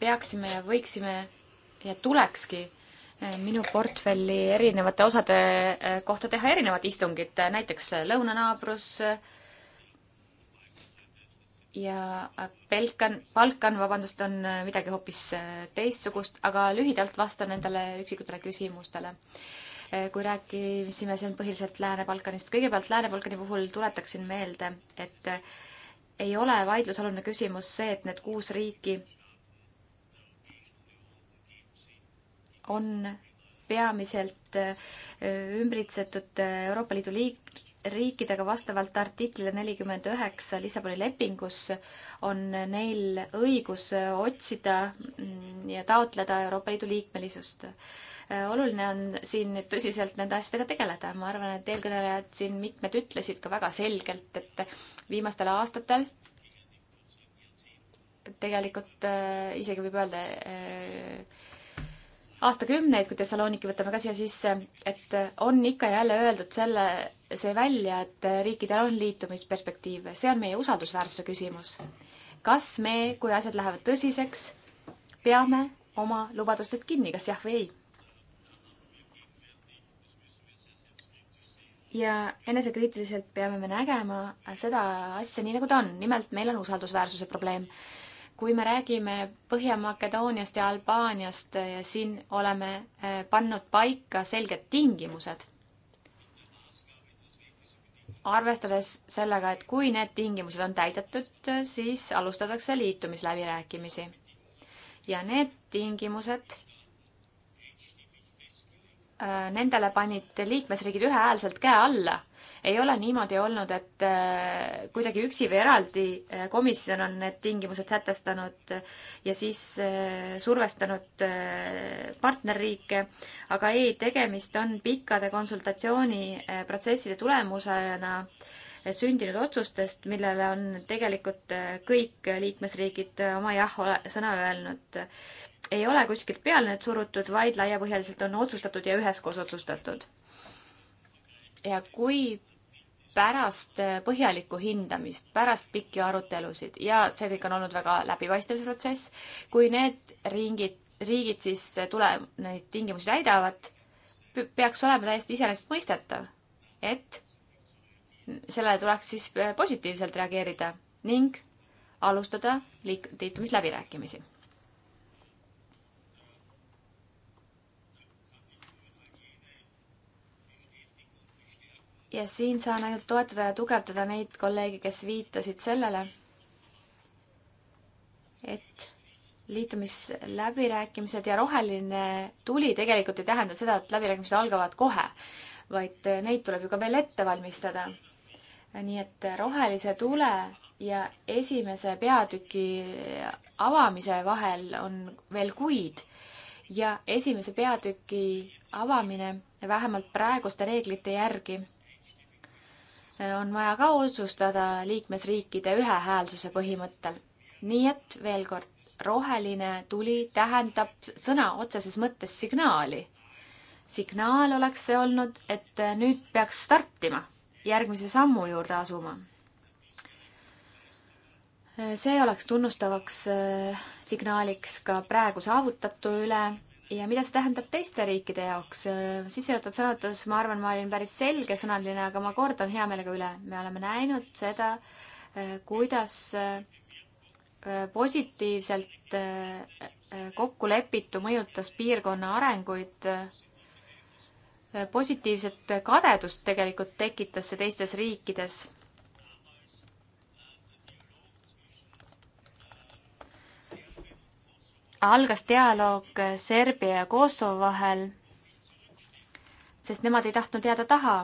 peaksime ja võiksime ja tulekski eh, minu portfelli erinevate osade eh, kohta teha erinevad istungid, eh, näiteks lõunanaabrus ja Belkan, Balkan, vabandust, on midagi hoopis teistsugust, aga lühidalt vastan nendele üksikutele küsimustele. kui rääkisime siin põhiliselt Lääne-Balkanist, kõigepealt Lääne-Balkani puhul tuletaksin meelde, et ei ole vaidlusalune küsimus see, et need kuus riiki on peamiselt äh, ümbritsetud äh, Euroopa Liidu liik-, riikidega vastavalt artiklile nelikümmend üheksa Lissaboni lepingus on neil õigus äh, otsida mm, ja taotleda Euroopa Liidu liikmelisust. oluline on siin nüüd tõsiselt nende asjadega tegeleda, ma arvan, et eelkõnelejad siin mitmed ütlesid ka väga selgelt, et viimastel aastatel tegelikult isegi võib öelda, aastakümneid, kui Thessaloniki võtame ka siia sisse, et on ikka ja jälle öeldud selle, see välja, et riikidel on liitumisperspektiiv, see on meie usaldusväärsuse küsimus. kas me, kui asjad lähevad tõsiseks, peame oma lubadustest kinni, kas jah või ei? ja enesekriitiliselt peame me nägema seda asja nii, nagu ta on, nimelt meil on usaldusväärsuse probleem kui me räägime Põhja-Makedooniast ja Albaaniast, eh, siin oleme eh, pannud paika selged tingimused. arvestades sellega, et kui need tingimused on täidetud, eh, siis alustatakse liitumisläbirääkimisi. ja need tingimused, nendele panid liikmesriigid ühehäälselt käe alla ei ole niimoodi olnud, et äh, kuidagi üksi või eraldi äh, komisjon on need tingimused sätestanud ja siis äh, survestanud partnerriike, aga ei, tegemist on pikkade konsultatsiooniprotsesside tulemusena sündinud otsustest, millele on tegelikult kõik liikmesriigid oma jah sõna öelnud. ei ole kuskilt peale need surutud, vaid laiapõhjaliselt on otsustatud ja üheskoos otsustatud ja kui pärast äh, põhjalikku hindamist, pärast pikki arutelusid ja see kõik on olnud väga läbipaistev protsess, kui need ringid, riigid siis äh, tule, neid tingimusi täidavad, peaks olema täiesti iseenesestmõistetav, et sellele tuleks siis äh, positiivselt reageerida ning alustada liik-, liitumisläbirääkimisi ja siin saan ainult toetada ja tugevdada neid kolleege, kes viitasid sellele, et liitumisläbirääkimised ja roheline tuli tegelikult ei tähenda seda, et läbirääkimised algavad kohe, vaid neid tuleb ju ka veel ette valmistada. nii et rohelise tule ja esimese peatüki avamise vahel on veel kuid ja esimese peatüki avamine vähemalt praeguste reeglite järgi on vaja ka otsustada liikmesriikide ühehäälsuse põhimõttel. nii et veel kord, roheline tuli tähendab sõna otseses mõttes signaali. signaal oleks see olnud, et nüüd peaks startima, järgmise sammu juurde asuma. see oleks tunnustavaks eh, signaaliks ka praegu saavutatu üle ja mida see tähendab teiste riikide jaoks? sissejuhatav sõnavõtus, ma arvan, ma olin päris selgesõnaline, aga ma kordan hea meelega üle. me oleme näinud seda, eh, kuidas eh, positiivselt eh, kokkulepitu mõjutas piirkonna arenguid. positiivset kadedust tegelikult tekitas see teistes riikides algas dialoog Serbia ja Kosovo vahel, sest nemad ei tahtnud jääda taha.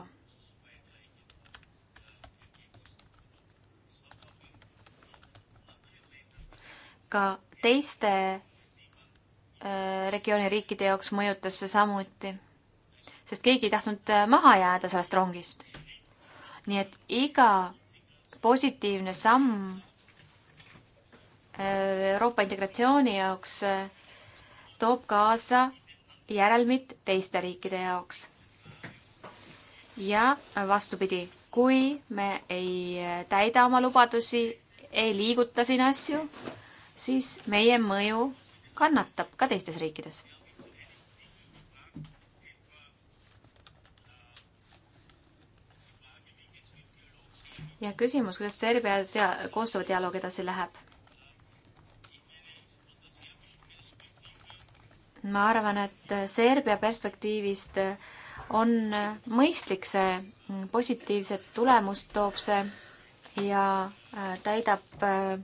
ka teiste äh, regiooni riikide jaoks mõjutas see samuti, sest keegi ei tahtnud äh, maha jääda sellest rongist. nii et iga positiivne samm Euroopa integratsiooni jaoks eh, toob kaasa järelmid teiste riikide jaoks. ja vastupidi, kui me ei täida oma lubadusi, ei liiguta siin asju, siis meie mõju kannatab ka teistes riikides. ja küsimus, kuidas Serbia dia-, koostöödialoog edasi läheb ma arvan, et Serbia perspektiivist on mõistlik see, positiivset tulemust toob see ja äh, täidab äh,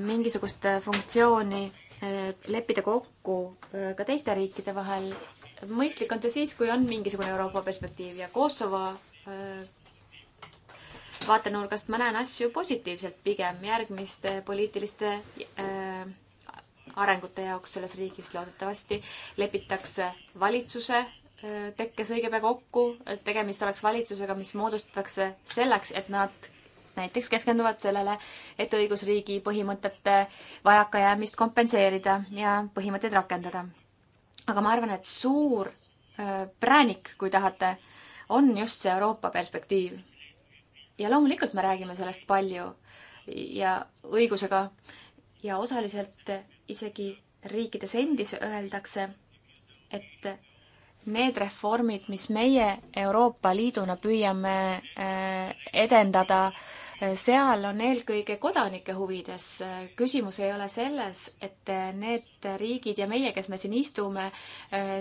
mingisugust funktsiooni äh, leppida kokku ka teiste riikide vahel. mõistlik on see siis, kui on mingisugune Euroopa perspektiiv ja Kosovo vaatenurgast ma näen asju positiivselt pigem järgmiste poliitiliste arengute jaoks selles riigis. loodetavasti lepitakse valitsuse tekkes õige pea kokku, et tegemist oleks valitsusega, mis moodustatakse selleks, et nad näiteks keskenduvad sellele, et õigusriigi põhimõtete vajakajäämist kompenseerida ja põhimõtteid rakendada. aga ma arvan, et suur präänik, kui tahate, on just see Euroopa perspektiiv. ja loomulikult me räägime sellest palju ja õigusega ja osaliselt isegi riikides endis öeldakse, et need reformid, mis meie Euroopa Liiduna püüame äh, edendada, äh, seal on eelkõige kodanike huvides. küsimus ei ole selles, et äh, need riigid ja meie, kes me siin istume,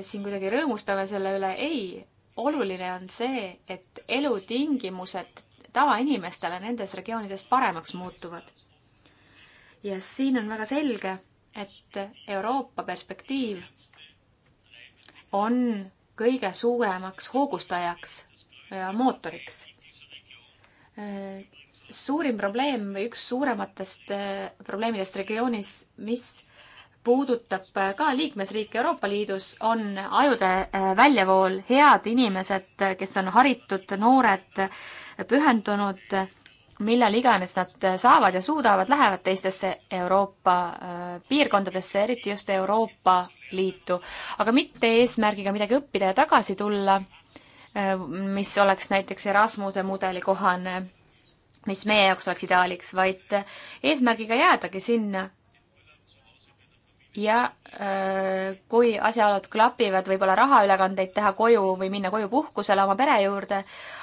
siin kuidagi rõõmustame selle üle, ei. oluline on see, et elutingimused tavainimestele nendes regioonides paremaks muutuvad. ja siin on väga selge et Euroopa perspektiiv on kõige suuremaks hoogustajaks ja mootoriks. suurim probleem või üks suurematest eh, probleemidest regioonis, mis puudutab eh, ka liikmesriike Euroopa Liidus, on ajude eh, väljavool, head inimesed, kes on haritud, noored, pühendunud millal iganes nad saavad ja suudavad, lähevad teistesse Euroopa äh, piirkondadesse, eriti just Euroopa Liitu, aga mitte eesmärgiga midagi õppida ja tagasi tulla, äh, mis oleks näiteks Erasmuse mudeli kohane, mis meie jaoks oleks ideaaliks, vaid eesmärgiga jäädagi sinna. ja äh, kui asjaolud klapivad, võib-olla rahaülekandeid teha koju või minna koju puhkusele oma pere juurde,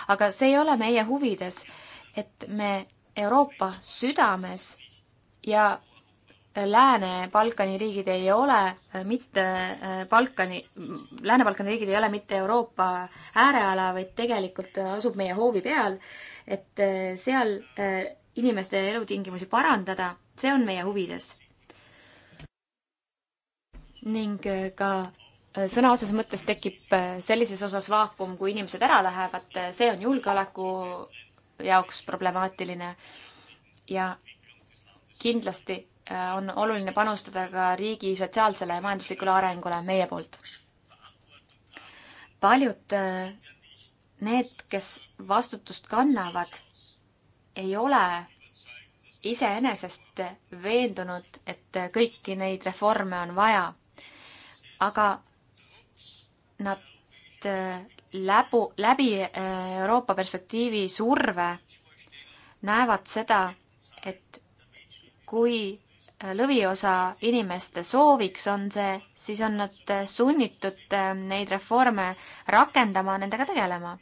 aga see ei ole meie huvides et me Euroopa südames ja Lääne-Balkani riigid ei ole äh, mitte äh, Balkani, Lääne-Balkani riigid ei ole mitte Euroopa ääreala, vaid tegelikult äh, asub meie hoovi peal, et seal inimeste elutingimusi parandada, see on meie huvides. ning ka sõna otseses mõttes tekib sellises osas vaakum, kui inimesed ära lähevad, see on julgeoleku jaoks problemaatiline ja kindlasti äh, on oluline panustada ka riigi sotsiaalsele ja majanduslikule arengule meie poolt. paljud äh, need, kes vastutust kannavad, ei ole iseenesest veendunud, et kõiki neid reforme on vaja. aga nad äh, läbu, läbi äh, Euroopa perspektiivi surve näevad seda, et kui äh, lõviosa inimeste sooviks on see, siis on nad äh, sunnitud neid reforme rakendama, nendega tegelema.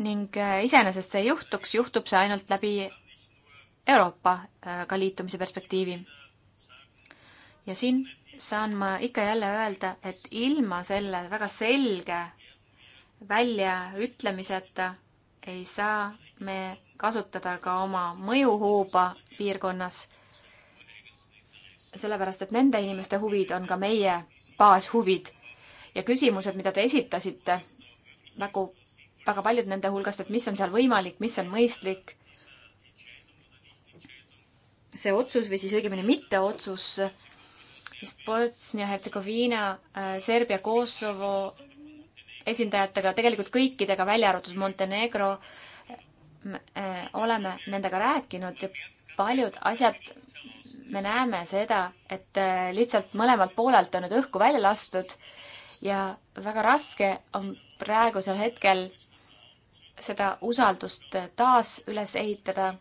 ning iseenesest see ei juhtuks, juhtub see ainult läbi Euroopaga liitumise perspektiivi. ja siin saan ma ikka jälle öelda, et ilma selle väga selge väljaütlemiseta ei saa me kasutada ka oma mõjuhuuba piirkonnas, sellepärast et nende inimeste huvid on ka meie baashuvid ja küsimused, mida te esitasite, nagu väga paljud nende hulgast, et mis on seal võimalik, mis on mõistlik see otsus või siis õigemini mitteotsus, sest Bosnia-Hertsegoviina, äh, Serbia, Kosovo esindajatega, tegelikult kõikidega, välja arvatud Montenegro, äh, oleme nendega rääkinud ja paljud asjad, me näeme seda, et äh, lihtsalt mõlemalt poolelt on nüüd õhku välja lastud ja väga raske on praegusel hetkel seda usaldust taas üles ehitada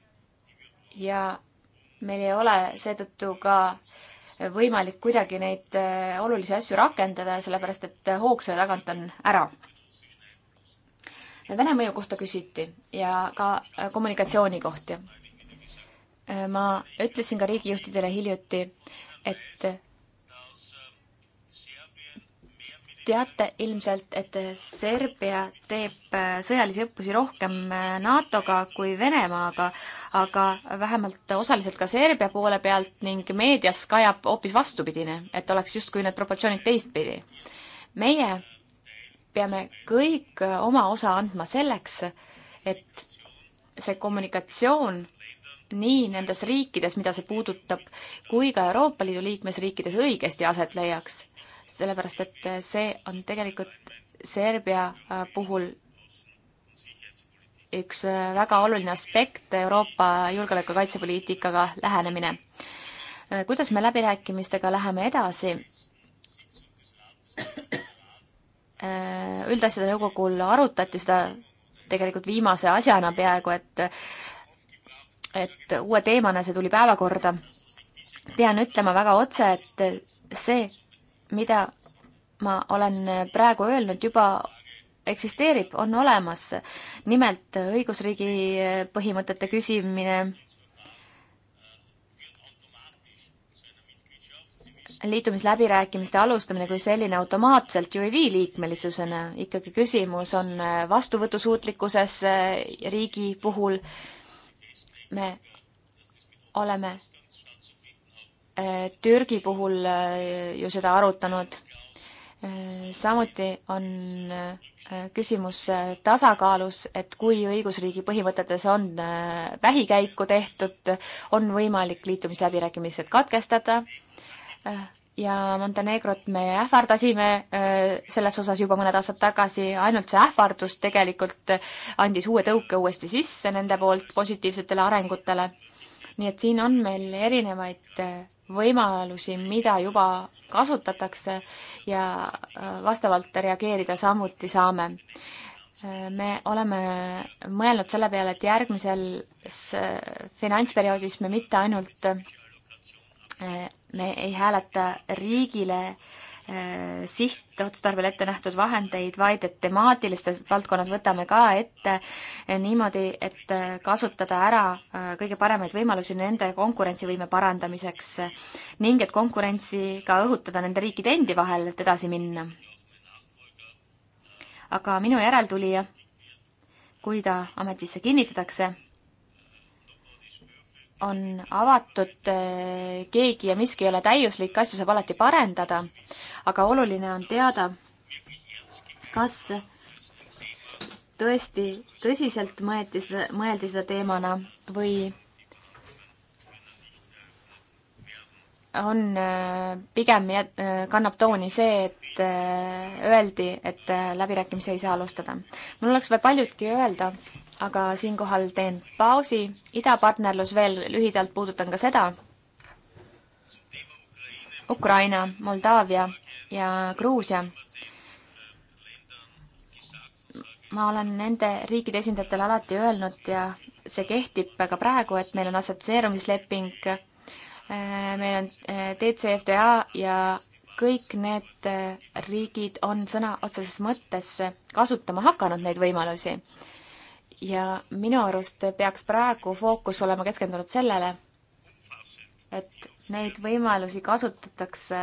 ja meil ei ole seetõttu ka võimalik kuidagi neid äh, olulisi asju rakendada, sellepärast et äh, hoog selle tagant on ära. Vene mõju kohta küsiti ja ka äh, kommunikatsiooni kohti. ma ütlesin ka riigijuhtidele hiljuti, et teate ilmselt, et Serbia teeb äh, sõjalisi õppusi rohkem äh, NATO-ga kui Venemaaga, aga vähemalt osaliselt ka Serbia poole pealt ning meedias kajab hoopis vastupidine, et oleks justkui need proportsioonid teistpidi. meie peame kõik äh, oma osa andma selleks, et see kommunikatsioon nii nendes riikides, mida see puudutab, kui ka Euroopa Liidu liikmesriikides õigesti aset leiaks sellepärast et see on tegelikult Serbia äh, puhul üks äh, väga oluline aspekt Euroopa julgeoleku- ja kaitsepoliitikaga lähenemine. Äh, kuidas me läbirääkimistega läheme edasi? üldasjade nõukogul arutati seda tegelikult viimase asjana peaaegu, et et uue teemana see tuli päevakorda. pean ütlema väga otse, et see mida ma olen praegu öelnud, juba eksisteerib, on olemas. nimelt õigusriigi põhimõtete küsimine, liitumisläbirääkimiste alustamine kui selline automaatselt ju ei vii liikmelisusena, ikkagi küsimus on vastuvõtusuutlikkuses riigi puhul. me oleme Türgi puhul äh, ju seda arutanud. Äh, samuti on äh, küsimus tasakaalus, et kui õigusriigi põhimõtetes on vähikäiku tehtud, on võimalik liitumisläbirääkimised katkestada ja Montenegrot me ähvardasime selles osas juba mõned aastad tagasi, ainult see ähvardus tegelikult andis uue tõuke uuesti sisse nende poolt positiivsetele arengutele. nii et siin on meil erinevaid võimalusi, mida juba kasutatakse ja äh, vastavalt reageerida samuti saame. Äh, me oleme mõelnud selle peale, et järgmises finantsperioodis me mitte ainult äh, me ei hääleta riigile äh, Äh, sihtotstarvel ette nähtud vahendeid, vaid et temaatilistes valdkonnad võtame ka ette äh, niimoodi, et äh, kasutada ära kõige paremaid võimalusi nende konkurentsivõime parandamiseks ning et konkurentsi ka õhutada nende riikide endi vahel, et edasi minna. aga minu järeltulija, kui ta ametisse kinnitatakse on avatud, eh, keegi ja miski ei ole täiuslik, asju saab alati parendada, aga oluline on teada, kas tõesti tõsiselt mõeldi seda, mõeldi seda teemana või on eh, pigem, eh, kannab tooni see, et öeldi, et läbirääkimisi ei saa alustada. mul oleks veel paljutki öelda, aga siinkohal teen pausi. idapartnerlus veel lühidalt puudutan ka seda. Ukraina, Moldaavia ja Gruusia. ma olen nende riikide esindajatele alati öelnud ja see kehtib ka praegu, et meil on assotsieerumisleping, meil on eh, DCFTA ja kõik need eh, riigid on sõna otseses mõttes kasutama hakanud neid võimalusi ja minu arust peaks praegu fookus olema keskendunud sellele, et neid võimalusi kasutatakse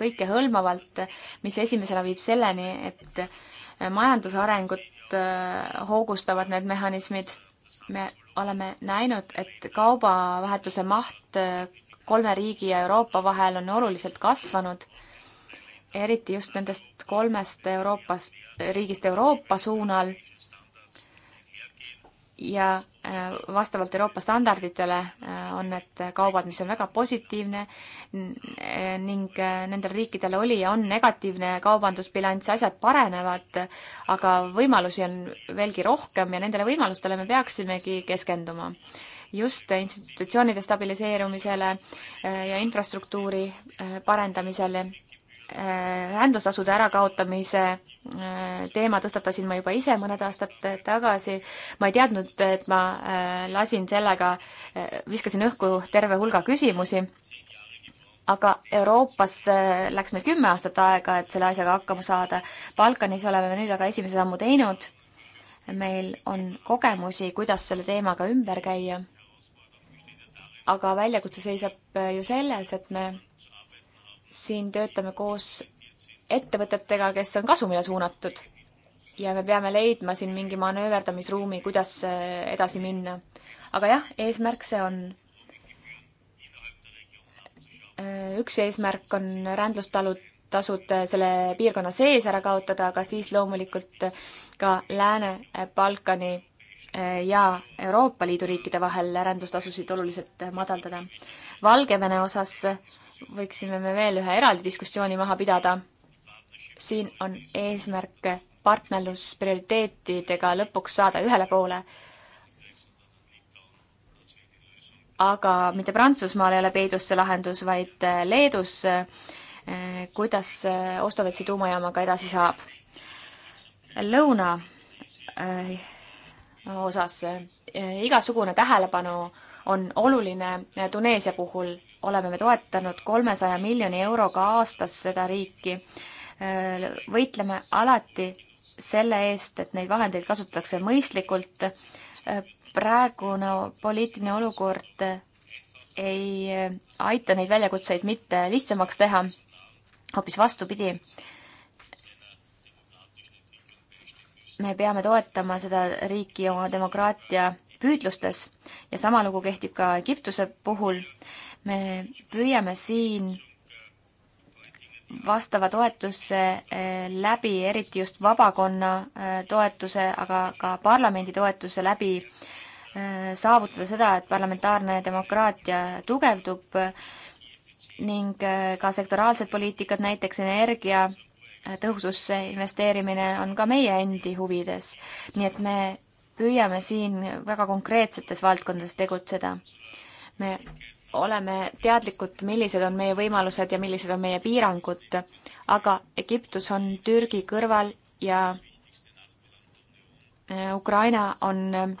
kõikehõlmavalt, mis esimesena viib selleni, et majandusarengut äh, hoogustavad need mehhanismid. me oleme näinud, et kaubavahetuse maht äh, kolme riigi ja Euroopa vahel on oluliselt kasvanud, eriti just nendest kolmest Euroopas, riigist Euroopa suunal ja äh, vastavalt Euroopa standarditele äh, on need kaubad, mis on väga positiivne äh, ning nendel riikidel oli ja on negatiivne kaubandusbilanss, asjad paranevad, aga võimalusi on veelgi rohkem ja nendele võimalustele me peaksimegi keskenduma. just institutsioonide stabiliseerumisele ja infrastruktuuri parendamisele Äh, rändustasude ärakaotamise äh, teema tõstatasin ma juba ise mõned aastad tagasi. ma ei teadnud, et ma äh, lasin sellega, viskasin õhku terve hulga küsimusi aga Euroopas läks meil kümme aastat aega, et selle asjaga hakkama saada. Balkanis oleme me nüüd aga esimese sammu teinud. meil on kogemusi, kuidas selle teemaga ümber käia. aga väljakutse seisab ju selles, et me siin töötame koos ettevõtetega, kes on kasumile suunatud ja me peame leidma siin mingi manööverdamisruumi, kuidas edasi minna. aga jah, eesmärk see on. üks eesmärk on rändlustalud, tasud selle piirkonna sees ära kaotada, aga siis loomulikult ka Lääne-Balkani ja Euroopa Liidu riikide vahel rändlustasusid oluliselt madaldada. Valgevene osas võiksime me veel ühe eraldi diskussiooni maha pidada. siin on eesmärk partnerlus prioriteetidega lõpuks saada ühele poole. aga mitte Prantsusmaal ei ole peidus see lahendus, vaid Leedus, kuidas Ostovetsi tuumajaamaga edasi saab. Lõuna äh, osas äh, igasugune tähelepanu on oluline Tuneesia puhul oleme me toetanud kolmesaja miljoni euroga aastas seda riiki. võitleme alati selle eest, et neid vahendeid kasutatakse mõistlikult. praegune poliitiline olukord ei aita neid väljakutseid mitte lihtsamaks teha, hoopis vastupidi. me peame toetama seda riiki oma demokraatia püüdlustes ja sama lugu kehtib ka Egiptuse puhul me püüame siin vastava toetuse eh, läbi, eriti just vabakonna eh, toetuse, aga ka parlamendi toetuse läbi eh, saavutada seda, et parlamentaarne demokraatia tugevdub ning ka sektoraalsed poliitikad, näiteks energia tõhususse investeerimine on ka meie endi huvides. nii et me püüame siin väga konkreetsetes valdkondades tegutseda. me oleme teadlikud, millised on meie võimalused ja millised on meie piirangud, aga Egiptus on Türgi kõrval ja äh, Ukraina on äh,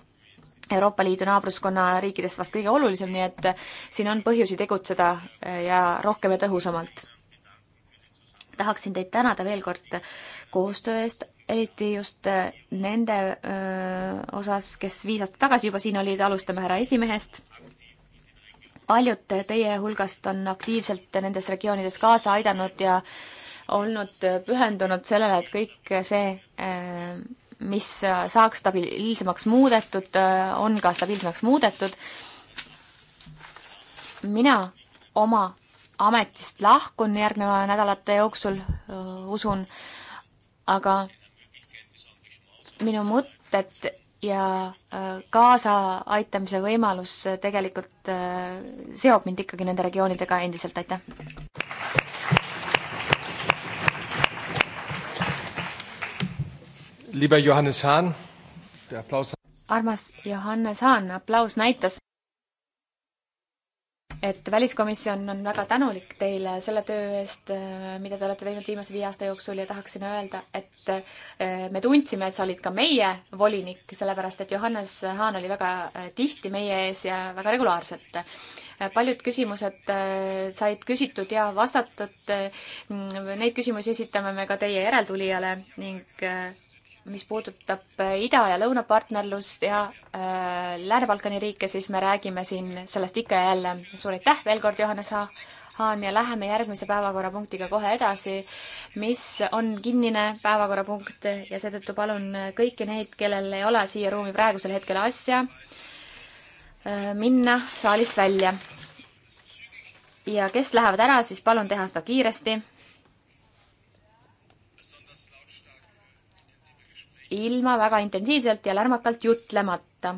Euroopa Liidu naabruskonna riikidest vast kõige olulisem, nii et äh, siin on põhjusi tegutseda ja rohkem ja tõhusamalt. tahaksin teid tänada veel kord koostöö eest, eriti just nende öö, osas, kes viis aastat tagasi juba siin olid, alustame härra esimehest paljud teie hulgast on aktiivselt nendes regioonides kaasa aidanud ja olnud pühendunud sellele, et kõik see, mis saaks stabiilsemaks muudetud, on ka stabiilsemaks muudetud. mina oma ametist lahkun järgneva nädalate jooksul, usun, aga minu mõtted ja äh, kaasa aitamise võimalus äh, tegelikult äh, seob mind ikkagi nende regioonidega endiselt, aitäh! armas Johannes Hahn, aplaus näitas et väliskomisjon on väga tänulik teile selle töö eest, äh, mida te olete teinud viimase viie aasta jooksul ja tahaksin öelda, et äh, me tundsime, et sa olid ka meie volinik, sellepärast et Johannes Haan oli väga äh, tihti meie ees ja väga regulaarselt. paljud küsimused said küsitud ja vastatud. Mm, neid küsimusi esitame me ka teie järeltulijale ning mis puudutab äh, ida- ja lõunapartnerlust ja äh, Lääne-Balkani riike, siis me räägime siin sellest ikka ja jälle. suur aitäh veel kord, Johannes ha Haan ja läheme järgmise päevakorrapunktiga kohe edasi, mis on kinnine päevakorrapunkt ja seetõttu palun kõiki neid, kellel ei ole siia ruumi praegusel hetkel asja äh,, minna saalist välja. ja kes lähevad ära, siis palun teha seda kiiresti ilma väga intensiivselt ja lärmakalt jutlemata.